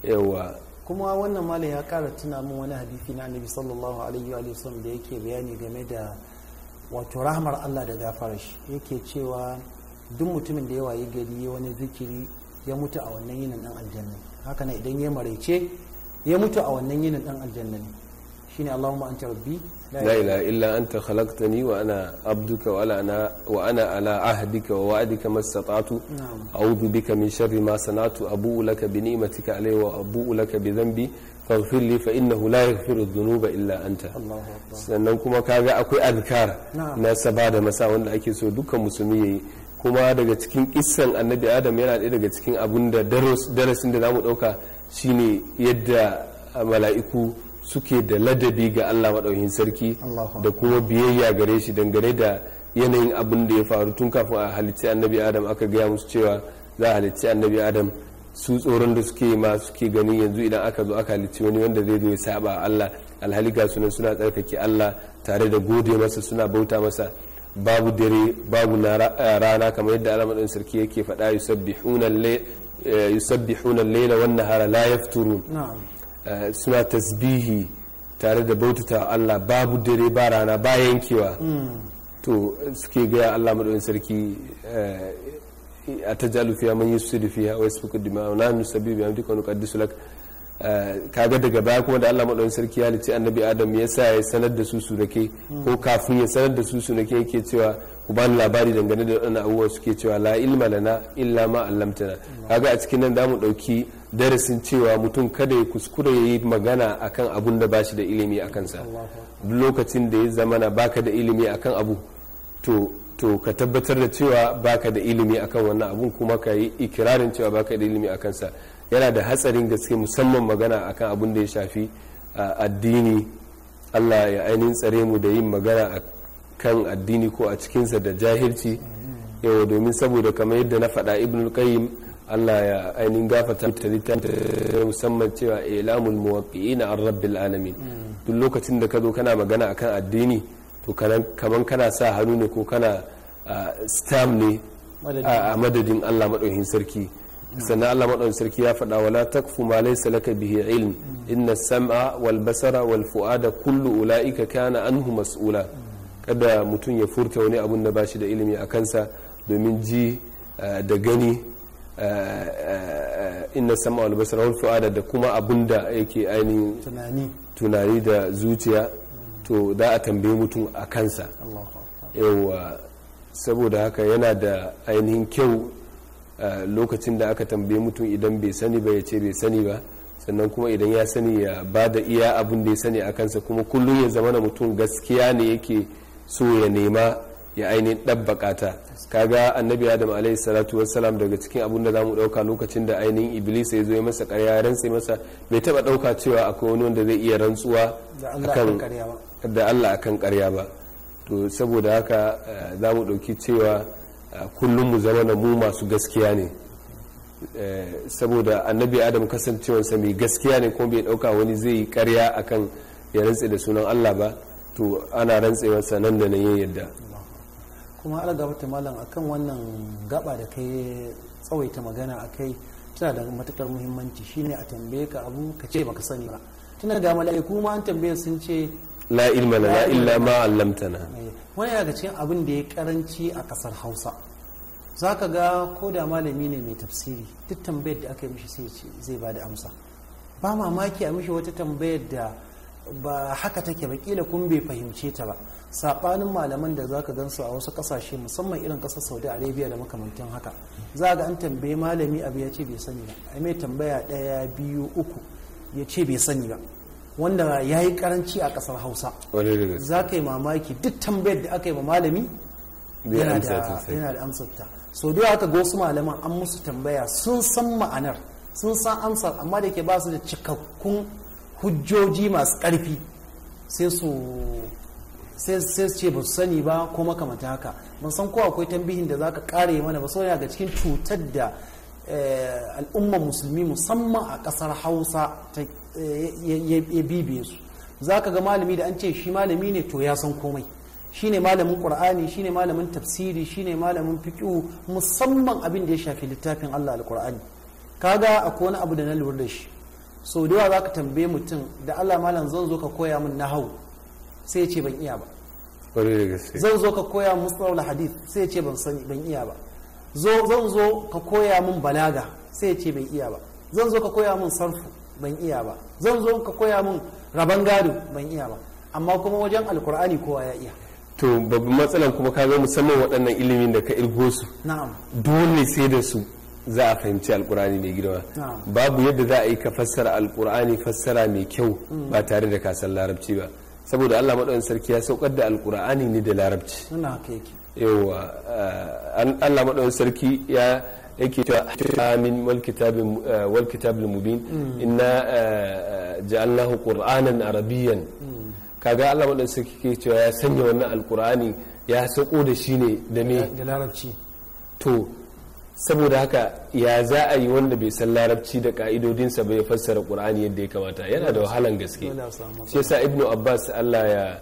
yawa kuma wannan malam ya kara tuna min wani hadisi na annabi sallallahu alaihi wa sallam da yake bayani game da wato rahmar Allah da gafarar shi yake cewa duk mutumin da ya wayi gari wani zikiri ya mutu a wannan yinin dan aljanna haka na idan ya maraice ya mutu a wannan yinin dan aljanna ne shine Allahumma anta rabbi la ilaha illa anta khalaqtani wa ana abduka wa ana wa ana ala ahdika wa wa'dika mastata'tu a'udhu bika min sharri ma sana'tu abu'u laka bi ni'matika alayya wa abu'u laka bi dhanbi faghfir li fa innahu la yaghfiru dhunuba illa anta sannan kuma kaga akwai azkar na saba da masa wanda ake so dukkan musulmi yayi kuma daga cikin kissan annabi adam yana daya daga cikin abun da darasin da zamu dauka shine yadda mala'iku suke da ladabi ga Allah maɗaukin sarki da kuma biyayya gare shi dangane da yanayin abin da ya faru tun kafin a halicci annabi adam aka gaya musu cewa za a halicci annabi adam su tsoron da suke ma suke ganin yanzu idan aka zo aka halicci wani wanda zai zo ya saba Allah alhali ga sunan suna tsarkake Allah tare da gode masa suna bauta masa babu dare babu eh, rana kamar yadda Allah maɗaukin sarki yake faɗa yusabbihuna yusabbihuna al-laila wan nahara suna tasbihi tare da bautata Allah babu dare ba rana ba yankewa to suke gaya Allah madaukakin sarki a tajalu fiya man yusrifu fiha wa yasfiku dima wa nahnu nusabbihu bi hamdika wa nuqaddisu lak Eh, kaga daga baya kuma da Allah sarki ya lice annabi adam ya sa ya sanar da su sunake ko kafin ya sanar da su sunake yake cewa ku bani labari dangane da wadannan abubuwa suke cewa la ilma lana illa ma allamtana kaga a cikin nan da ɗauki darasin cewa mutum kada ya kuskure ya yi magana akan abun da bashi da ilimi a kansa lokacin da ya zamana baka da ilimi akan abu to to ka tabbatar da cewa baka da ilimi akan wannan abun kuma ka yi ikirarin cewa baka da ilimi akan sa yana da hatsarin gaske musamman magana akan abin da ya shafi a addini allah ya ainihin tsare mu da yin magana a kan addini ko a cikinsa da jahilci yau domin saboda kamar yadda na faɗa ibn qayyim allah ya ainihin gafata ta eh, musamman cewa ilamul muwaqqi'ina an rabbil alamin duk lokacin da ka zo kana magana akan addini to kaman kana sa hannu ne ko kana stam ne a madadin allah maɗaukin sarki sannan Allah sarki ya faɗa wala takfu ma laysa laka bihi ilm inna sam'a wal basara wal fu'ada kullu ulaika kana anhu mas'ula kada mutum ya furta wani abun da bashi da ilimi a kansa domin ji eh, da gani eh, eh, inna sam'a wal basara wal fu'ada da kuma abun da yake ainihin tunani da zuciya to da a tambaye mutum a kansa yawwa saboda haka yana da ainihin kyau lokacin da aka tambaye mutum idan bai sani ba ya ce bai sani ba sannan kuma idan ya sani ya ba da iya abin da ya sani a kansa kuma kullum ya zama na mutum gaskiya ne yake so ya nema ya ainihin ɗabbaƙa ka ga annabi adam alaihi salatu wassalam daga cikin abin da zamu ɗauka lokacin da ainihin iblis ya zo ya masa karya ya rantse masa bai taba ɗauka cewa akwai wani wanda zai iya rantsuwa da allah akan karya ba to saboda haka eh, za mu ɗauki cewa kullum mu zama mu masu gaskiya ne eh, saboda annabi adam kasancewarsa mai gaskiya ne kuma bai dauka wani zai yi karya akan ya rantse da sunan allah ba to ana rantsewarsa nan da nan yin yadda kuma ala ta malam akan wannan gaba da kai tsawaita magana a kai tana da matukar muhimmanci shine a tambaye ka abu ka ce baka sani ba tana da mala'iku ma an tambaye sun ce la ilma la illa ma allamtana eh, wani daga cikin abin da ya karanci a kasar hausa za ka ga ko da malami ne mai tafsiri duk tambayar da aka yi mishi sai ce zai ba da amsa ba mamaki a mishi wata tambayar da ba haka take ba kila kun bai fahimce ta ba saɓanin malaman da za ka gansu a wasu ƙasashe musamman irin ƙasar saudi arabia da makamantan haka za ga an tambaye malami abu ya ce bai sani ba a mai tambaya ɗaya biyu uku ya ce bai sani ba wanda ya yi karanci a ƙasar hausa za ka yi mamaki duk tambayar da aka yi ma malami yana da ta. so da haka ga wasu malaman an musu tambaya sun san ma'anar sun san amsar amma da ke ba su da cikakkun hujjoji masu ƙarfi sai su sai ce ba su sani ba ko makamanta haka ban san ko akwai tambihin da za ka kare mana ba sauya ga cikin cutar da eh, al'ummar musulmi musamman a ƙasar hausa eh, ya bibiye su za ka ga malami da an ce shi malami ne to ya san komai shine malamin qur'ani shine malamin tafsiri shine malamin fiqh musamman abin da ya shafi littafin Allah ka kaga akwai wani abu da na lura da shi so da yawa zaka tambaye mutum da Allah malam zan zo ka koya min nahau sai ya ce ban iya ba zan zo ka koya min mustalahul hadith sai ya ce ban sani ban iya ba zo zan zo ka koya min balaga sai ya ce ban iya ba zan zo ka koya min sarfu ban iya ba zan zo ka koya min raban gado ban iya ba amma kuma wajen alkur'ani kowa ya iya to babban matsalan kuma ka ga musamman waɗannan ilimin da ka irgo su dole sai da su za a fahimci alkur'ani mai girma babu yadda za a yi ka fassara alkur'ani fassara mai kyau mm. ba tare da kasan larabci ba saboda allah maɗaukin sarki ya saukar da alkur'ani ne da larabci yawa eh, allah maɗaukin sarki ya yake cewa min wal kitabin eh, mubin mm. inna eh, ja'alnahu qur'anan arabiyyan mm. kaga Allah wadanda suke ke cewa ya sanya wannan alkur'ani ya sako da shi ne da me da larabci to saboda haka ya za a yi wanda bai san larabci da ka'idodinsa bai fassara qur'ani yadda ya kamata yana da wahalan gaske shi yasa ibnu abbas Allah ya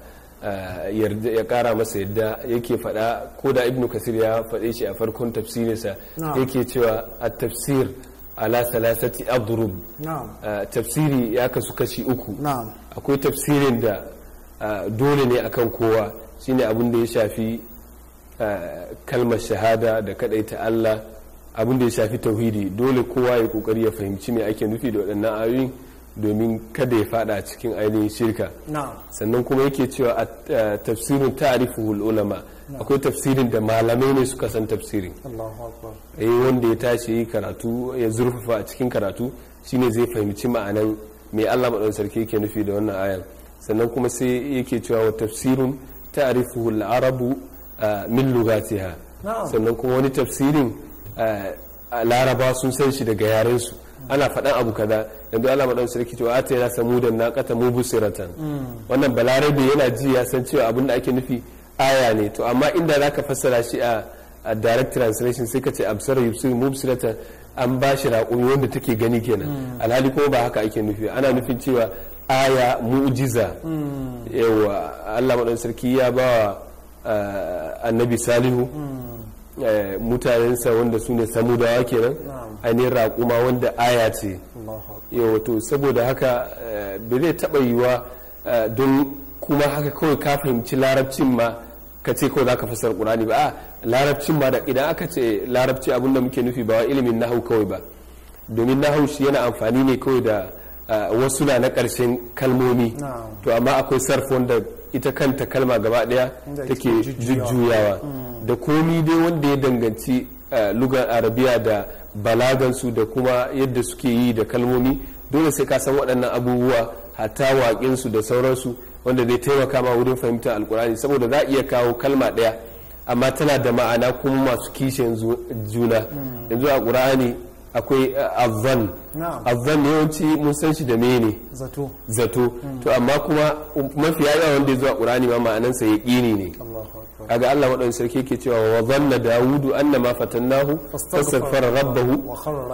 ya kara masa yadda yake faɗa ko da ibnu kasir ya faɗe shi a farkon tafsirinsa yake cewa a tafsir ala salasati adrub tafsiri ya kasu kashi uku akwai tafsirin da dole ne akan kowa shine abin da ya shafi kalmar shahada da ta Allah abin da ya shafi tauhidi dole kowa ya kokari ya fahimci me ake nufi da waɗannan ayoyin domin kada ya fada cikin ainihin shirka sannan kuma yake cewa a tafsirin ta'rifuhul ulama akwai tafsirin da malamai ne suka san tafsirin eh wanda ya tashi yi karatu ya zurfafa a cikin karatu shine zai fahimci ma'anan me Allah madan sarki yake nufi da wannan ayar sannan kuma sai yake cewa wa tafsirun ta'rifuhu al-arabu min lugatiha sannan kuma wani tafsirin laraba sun san shi daga yaren su ana faɗan abu kaza yanzu Allah madan sarki a ta yana na da mu busiratan mm. wannan balarabe yana ji ya san cewa abin da ake nufi aya ne to amma inda za ka fassara shi a direct translation sai ka ce absara yusuf mubsiratan an ba shi raƙumi wanda take gani kenan mm. alhali kuma ba haka ake nufi ana nufin cewa aya mu'jiza hmm. yawa Allah maɗan sarki ya ba eh, annabi salihu hmm. eh, mutanensa wanda su ne samudawa kenan ainihin raƙuma wanda aya ce yawa to saboda haka eh, ba zai taɓa yiwa don kuma haka kawai ka fahimci larabcin ma ka ce kawai za ka fasar ƙurani ba a larabcin ma da idan aka ce larabci abinda muke nufi ba wa ilimin nahau kawai ba domin nahau shi yana amfani ne kawai da wasu na na ƙarshen kalmomi to amma akwai sarf da ita kanta kalma gaba ɗaya take jujjuyawa mm. da komi dai wanda ya danganci lugar arabiya da balagansu da kuma yadda suke yi da kalmomi dole sai ka san waɗannan abubuwa hatta waƙinsu da sauransu wanda zai taimaka ma wurin fahimtar alkurani saboda za a iya kawo kalma ɗaya amma tana da ma'ana kuma masu kishin juna mm. yanzu a ƙur'ani akwai eh, azzan ne yawanci mun san shi da mene zato zato hmm. to amma kuma um, mafiya yawan ya zuwa qur'ani ma ma'anansa yaqini ne kaga Allah wadan sarki yake cewa wa zanna daudu anna ma fatannahu fastaghfara rabbahu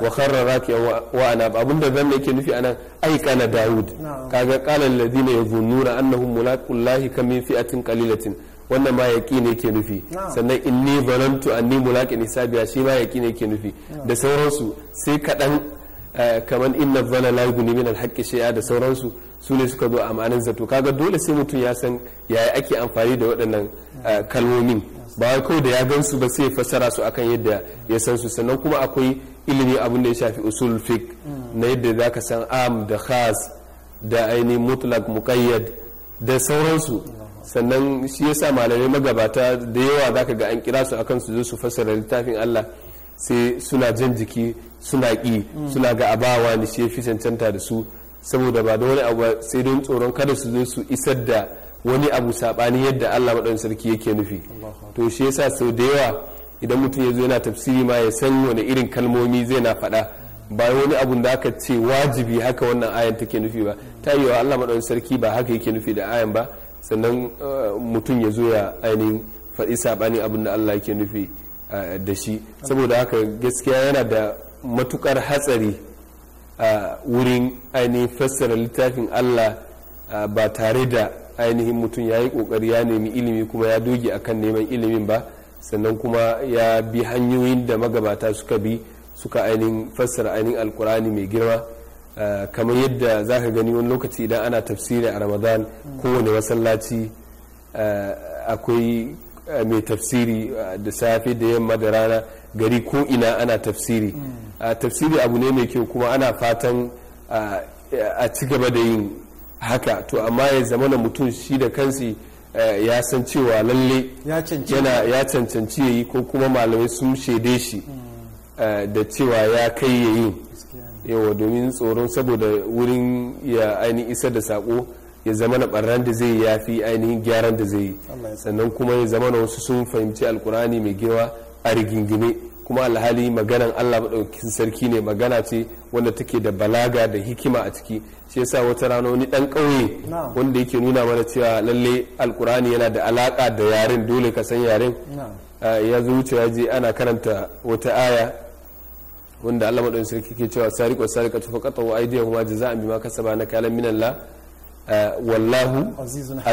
wa kharra raki wa ana abinda zanna yake nufi anan ai kana daud kaga qala alladhina yadhunnuna annahum mulaqullahi kam min fi'atin qalilatin wannan ma yaƙi ne ke nufi sannan inni zanantu anni ni sabiya shi ma yaƙi ne ke nufi da sauransu sai kaɗan eh, kamar inna zana lagu ne min haƙƙi shay'a da sauransu su ne suka zo a ma'anin zato kaga dole sai mutum ya san yaya ake amfani da waɗannan eh, kalmomin ba kawai da ya gan su ba sai ya fassara su akan yadda ya san su sannan kuma akwai ilimi abin da ya shafi usul fiqh hmm. na yadda zaka san am da khas da ainihin mutlak muqayyad da sauransu sannan shi yasa malamai magabata da yawa zaka ga an kira su akan su zo su fassara littafin Allah sai suna jan jiki suna ki suna ga abawa ne shi fi cancanta da su saboda ba da wani abu sai don tsoron kada su zo su isar da wani abu saɓani yadda Allah madan sarki yake nufi to shi yasa sau da yawa idan mutum ya zo yana tafsiri ma ya san wani irin kalmomi zai na faɗa ba wani abu da aka ce wajibi haka wannan ayan take nufi ba ta yiwa Allah madan sarki ba haka yake nufi da ayan ba sannan uh, mutum ya zo ya ainihin faɗi saɓani abin da allah ke nufi uh, da shi saboda haka gaskiya yana da matukar hatsari a uh, wurin ainihin fassara littafin allah ba tare da ainihin mutum ya yi kokari ya nemi ilimi kuma ya doge kan neman ilimin ba sannan kuma ya bi hanyoyin da magabata suka bi suka ainihin fassara ainihin alkurani mai girma Eh, kamar yadda za ka gani wani lokaci idan ana tafsiri a ramadan kowane masallaci eh, akwai eh, mai tafsiri da safe da yamma da rana gari ko ina ana tafsiri mm. tafsiri abu ne mai kyau kuma ana fatan a ci gaba da yin haka to amma ya zama na mutum shi da kansi ya san cewa lalle ya cancanci ya yi ko kuma malamai sun shaide shi mm. da cewa ya kai ya yi yawa domin tsoron saboda wurin ya ainihin isa da sako ya zama na ɓarran da zai ya fi ainihin gyaran da zai yi sannan kuma ya zama na wasu sun fahimci alkurani mai gewa a rigingine kuma alhali maganan allah maɗaukin sarki ne magana ce wanda take da balaga da hikima a ciki shi yasa wata rana wani ɗan ƙauye wanda yake nuna mana cewa lalle alkurani yana da alaƙa da yaren dole ka san yaren ah, ya zo ya je ana karanta wata aya wanda Allah madaukakin sarki ke cewa sariqu sariqatu faqatu aydiyahuma jazaa'an bima kasaba na kalam Allah. Eh, wallahu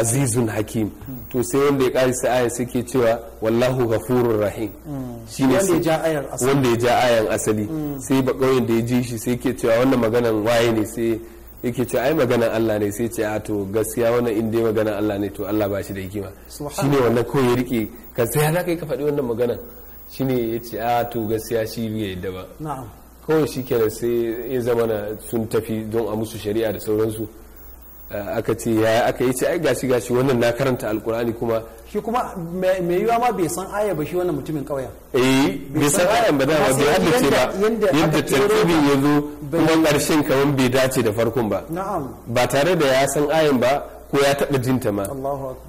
azizun hakim to sai wanda ya kare sai ayar suke cewa wallahu ghafurur rahim hmm. shine wanda ya ja ayar asali wanda ya ja ayar asali hmm. sai ba kauyen da ya ji shi sai ke cewa wannan maganan waye ne sai yake ce ai maganan Allah ne sai ce a to gaskiya wannan in dai maganan Allah ne to Allah ba shi da hikima shine wannan kawai ya rike ka sai ya zaka yi ka faɗi wannan maganan shine ya ce a ah, to gaskiya shi bai yadda ba kawai shi da sai ya zama na sun tafi don a musu shari'a da sauransu eh, aka ce ya aka yi ce ai gashi gashi wannan na karanta alkurani kuma shi kuma mai yiwa ma bai san aya ba shi wannan mutumin kauyen eh bai san aya ba dama bai haddace ba yadda tartibin ya zo kuma karshen kaman bai dace da farkon ba ba tare da ya san ayan ba ko ya taba jinta ma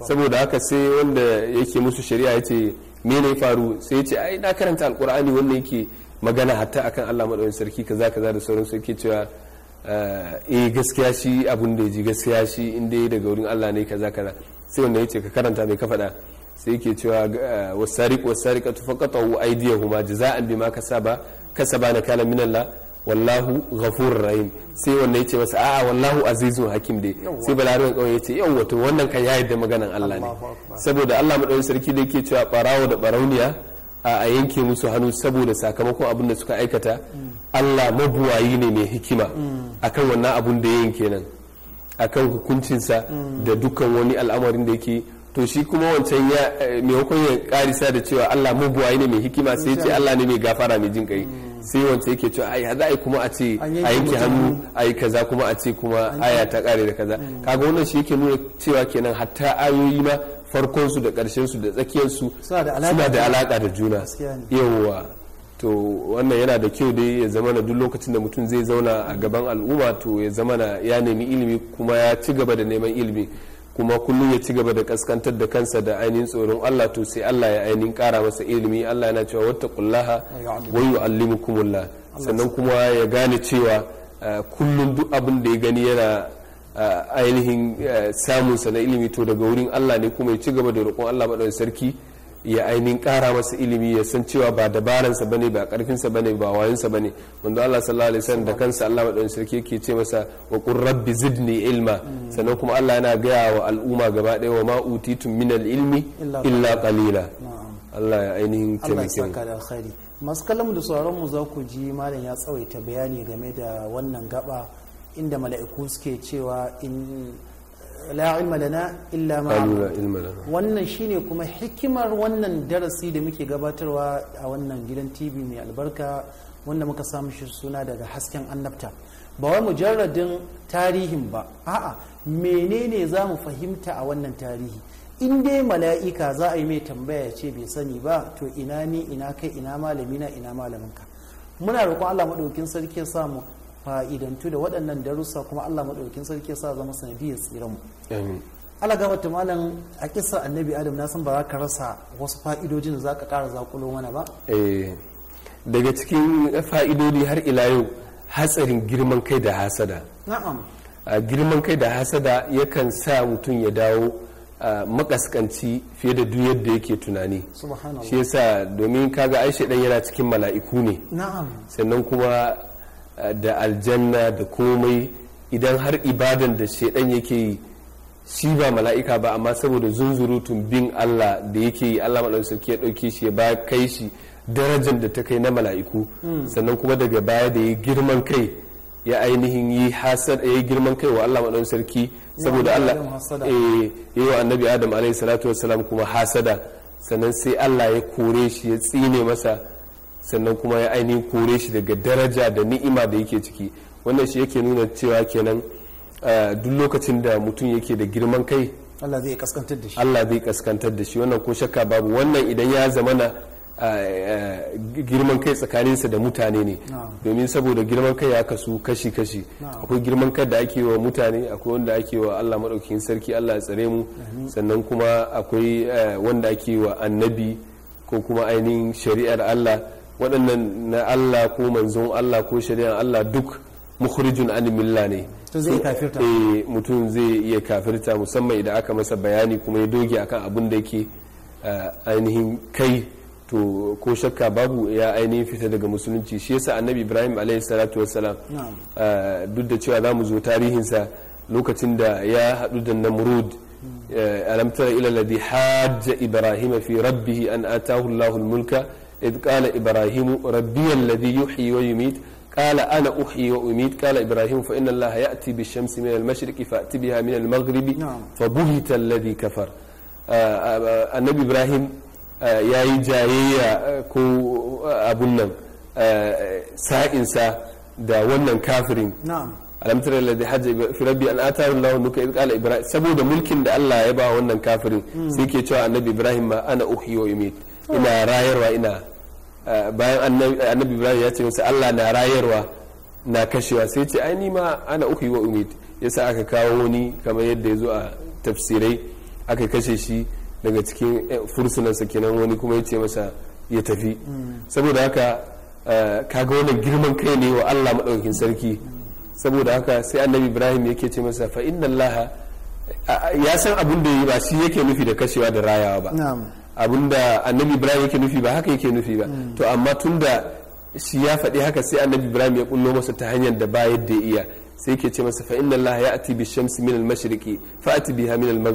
saboda haka sai wanda yake musu shari'a ya ce. me ne faru sai ya ce ai na karanta alkur'ani wanda yake magana hatta akan Allah madaukakin sarki ka kaza da sauransu yake cewa eh, eh gaskiya shi abun da ji gaskiya shi inda ya daga wurin Allah ne kaza kaza sai wanda yace ka karanta mai ka faɗa sai yake cewa eh, wasariq wasariqatu faqatahu aydiyahuma jaza'an bima kasaba kasaba na kana minallah wallahu ghafuru rahim sai wanda ce masa a'a wallahu azizun hakim dai sai balarin kawai ce yawwa to wannan kan ya yadda maganan Allah ne saboda Allah madaukakin sarki da yake cewa barawo da barauniya a yanke musu hannu saboda sakamakon abin da suka aikata Allah mabuwayi ne mai hikima mm. akan wannan abun da ya yanke nan akan hukuncinsa mm. da dukkan wani al'amarin da yake to shi kuma wancan ya hukun eh, ya karisa da cewa Allah mabuwayi ne mai hikima sai ce Allah ne mai gafara mai jin kai mm. sai wancan yake cewa ai za a yi kuma a ce a yanke hannu a yi kaza kuma a ce kuma aya ta kare da kaza mm. kaga wannan shi yake nuna cewa kenan hatta ayoyi ma farkon su da karshen su da tsakiyar su suna da alaka da juna yawwa to wannan yana da kyau dai ya zama na duk lokacin da mutum zai zauna a gaban al'umma to ya zama ya nemi ilimi kuma ya ci gaba da neman ilimi kuma kullum ya ci gaba da kaskantar da kansa da ainihin tsoron Allah to sai Allah ya ainihin kara masa ilimi Allah yana cewa wata wayu wa yu'allimukumullah sannan kuma ya gane cewa eh, kullum duk abin da ya gani yana eh, ainihin eh, samunsa na ilimi to daga wurin Allah ne kuma ya ci gaba da roƙon Allah madaukakin sarki ya ainihin kara masa ilimi ya san cewa ba dabaransa bane ba karfinsa bane ba wayansa bane wanda Allah sallallahu alaihi wasallam da kansa Allah madan sarki yake ce masa wa qur rabbi zidni ilma sannan kuma Allah yana gaya wa al'umma gaba daya wa ma utitum min ilmi illa qalila Allah ya ainihin taimake mu masu kallon da sauraron mu za ku ji malam ya tsawaita bayani game da wannan gaba inda mala'iku suke cewa in la ilma lana illa ma wannan shine kuma hikimar wannan darasi da muke gabatarwa a wannan gidan TV mai albarka wanda muka samu shi suna daga hasken annabta ba wa mujarradin tarihin ba a'a menene za mu fahimta a wannan tarihi in dai mala'ika za a yi mai tambaya ce bai sani ba to ina ni ina kai ina malamina ina malaminka muna roƙon Allah maɗaukin sarki ya samu fa'idantu da waɗannan darussa kuma Allah maɗaukin sarki sa zama sanadiyar tsiranmu. mu Allah ga wata malam a kisa annabi adam na san ba za ka rasa wasu fa'idojin da za ka ƙara zakulo mana ba eh, daga cikin fa'idodi har ila yau hatsarin girman kai da hasada na'am girman kai da hasada yakan sa mutum ya dawo makaskanci fiye da duk yadda yake tunani shi yasa domin kaga aisha dan yana cikin mala'iku ne sannan kuma da aljanna da komai idan har ibadan da shaidan yake yi shi ba mala'ika ba amma saboda zunzurutun bin Allah da yake yi Allah maɗan sarki ya ɗauke shi ya ba kai shi darajar da ta kai na mala'iku hmm. sannan kuma daga baya da ya girman kai ya ainihin yi hasad ya yi girman kai wa Allah maɗan sarki saboda Allah eh, ya yi wa annabi Adam alaihi salatu wasalam kuma hasada sannan sai Allah ya kore shi ya tsine masa sannan kuma ya aini kore shi daga daraja da ni'ima da yake ciki wannan shi yake nuna cewa kenan duk lokacin da mutum yake da girman kai Allah zai kaskantar da shi Allah zai kaskantar da shi wannan ko shakka babu wannan idan ya zama zamana girman kai tsakaninsa da mutane ne domin saboda girman kai ya kasu kashi-kashi akwai girman kai da ake wa mutane akwai wanda ake wa allah maɗaukin sarki allah ya tsare mu sannan kuma akwai wanda ake wa annabi ko kuma ainihin shari'ar allah waɗannan na Allah ko manzon Allah ko shari'an Allah duk mukhrijun an milla ne to zai kafirta eh mutum zai iya kafirta musamman idan aka masa bayani kuma ya doge akan abin da yake eh, ainihin kai to ko shakka babu ya ainihin fita daga musulunci shi yasa annabi Ibrahim alaihi salatu wassalam eh, duk da cewa za mu zo tarihinsa lokacin da ya haɗu da Namrud hmm. eh, alamtar tara ila Ladi hajja Ibrahim fi rabbihi an atahu Allahul mulka إذ قال إبراهيم ربي الذي يحيي ويميت قال أنا أحيي وأميت قال إبراهيم فإن الله يأتي بالشمس من المشرق فأتي بها من المغرب نعم. فبهت الذي كفر النبي إبراهيم ya yi jayayya ko abun nan sa'insa da wannan kafirin alamtar alladhi hajja fi rabbi an atahu Allah nuka iz qala ibrahim saboda mulkin da Allah ya ba wannan kafirin sai ke cewa annabi ibrahim ma ana uhyi wa ina rayarwa ina bayan annabi ibrahim ya ce masa allah na rayarwa na kashewa sai ce ai ma ana uku yi wa umid sa aka kawo wani kamar yadda ya zo a tafsirai aka kashe shi daga cikin eh, fursunansa kenan wani kuma ya ce masa ya tafi saboda haka eh, kaga wannan girman kai ne wa allah maɗaukakin sarki saboda haka sai annabi ibrahim yake ce masa fa inna ya san abin da yi ba shi yake nufi da kashewa da rayawa ba abinda annabi ibrahim yake nufi ba haka yake nufi ba hmm. to amma tunda shi ya faɗi haka sai annabi ibrahim ya kullo masa ta hanyar da ba yadda ya iya sai ke ce masa fa inna allah ya ati bi shamsi min al mashriqi fa ati biha min al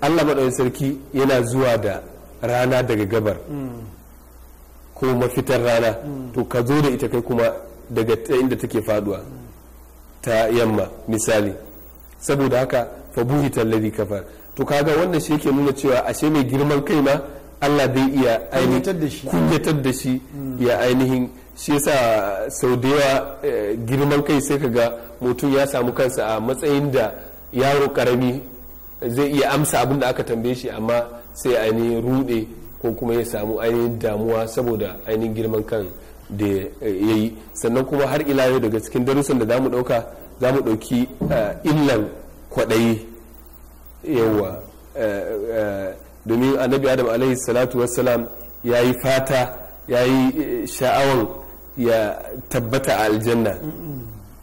allah madaukakin sarki yana zuwa da rana daga gabar hmm. ko mafitar rana hmm. to ka zo da ita kai kuma daga inda take faduwa ta yamma misali saboda haka fa buhita alladhi kafar to kaga wannan shi yake nuna cewa ashe mai girman kai ma Allah bai iya kunyatar da shi hmm. ya ainihin shi yasa sau da yawa eh, girman kai sai kaga mutum ya samu kansa a matsayin da yaro karami zai iya amsa abin da aka tambaye shi amma sai ainihin rude ko kuma ya samu ainihin damuwa saboda ainihin girman kan da ya yi sannan kuma har ila yau daga cikin darussan da za mu ɗauka za mu ɗauki eh, illan kwaɗayi yawwa eh, eh, domin annabi adam alaihi salatu wassalam ya yi fata ya yi eh, sha'awar ya tabbata a aljanna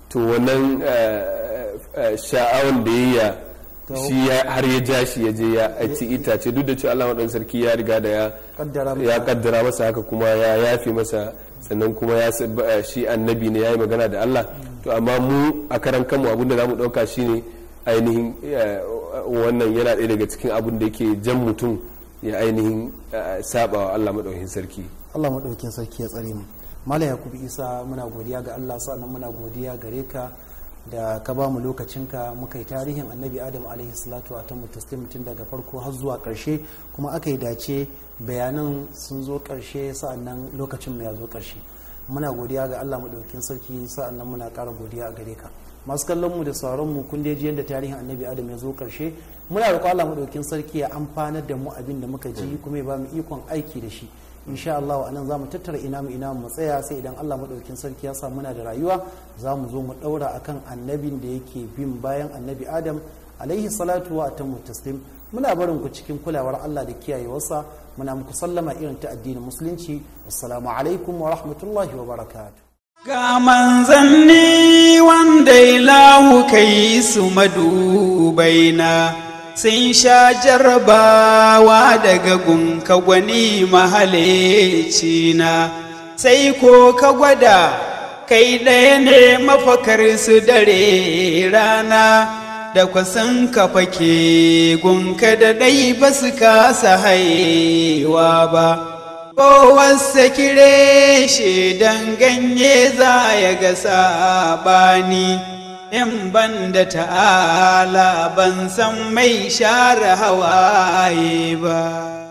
to wannan sha'awar da ya shi har ya ja shi ya je ya ci itace duk da cewa Allah maɗan sarki ya riga da ya kaddara masa haka kuma ya yafi masa sannan kuma ya shi annabi ne ya yi magana da Allah to amma mu a karan kanmu abinda za mu ɗauka shine ainihin wannan yana ɗaya daga cikin abin da yake jan mutum ya ainihin eh, saba wa Allah maɗaukin sarki Allah maɗaukin sarki ya tsare mu Malam Yakub Isa muna godiya ga Allah sannan muna godiya gare ka da ka ba mu lokacinka muka yi tarihin annabi Adam alaihi salatu wa tamu daga farko har zuwa ƙarshe kuma aka yi dace bayanan sun zo ƙarshe sa'annan lokacin mu ya zo ƙarshe muna godiya ga Allah maɗaukin sarki sa'annan muna ƙara godiya a gare ka masu kallon mu da sauran mu kun ji yadda tarihin annabi adam ya zo karshe muna roƙo Allah madaukin sarki ya amfanar da mu abin da muka ji mm. kuma ya ba mu ikon aiki da shi insha Allah anan zamu tattara ina mu ina mu tsaya sai idan Allah madaukin sarki ya sa muna da rayuwa zamu zo mu daura akan annabin da yake bin bayan annabi Adam alaihi salatu wa atammu taslim muna barin ku cikin kulawar Allah da kiyayewarsa muna muku sallama irin ta addinin musulunci assalamu alaikum wa rahmatullahi wa barakatuh Ga manzanni wanda ilahu kai su madubaina sun sha jarabawa daga gunka gwani na. sai ko ka gwada kai ɗaya ne mafakar su dare rana da kwasan ka fake gunka da ɗai ba su kasa haiwa ba. ɓowarsa kire shi don ganye za ya ga sabani, in ban da ta'ala ban san mai share hawaye ba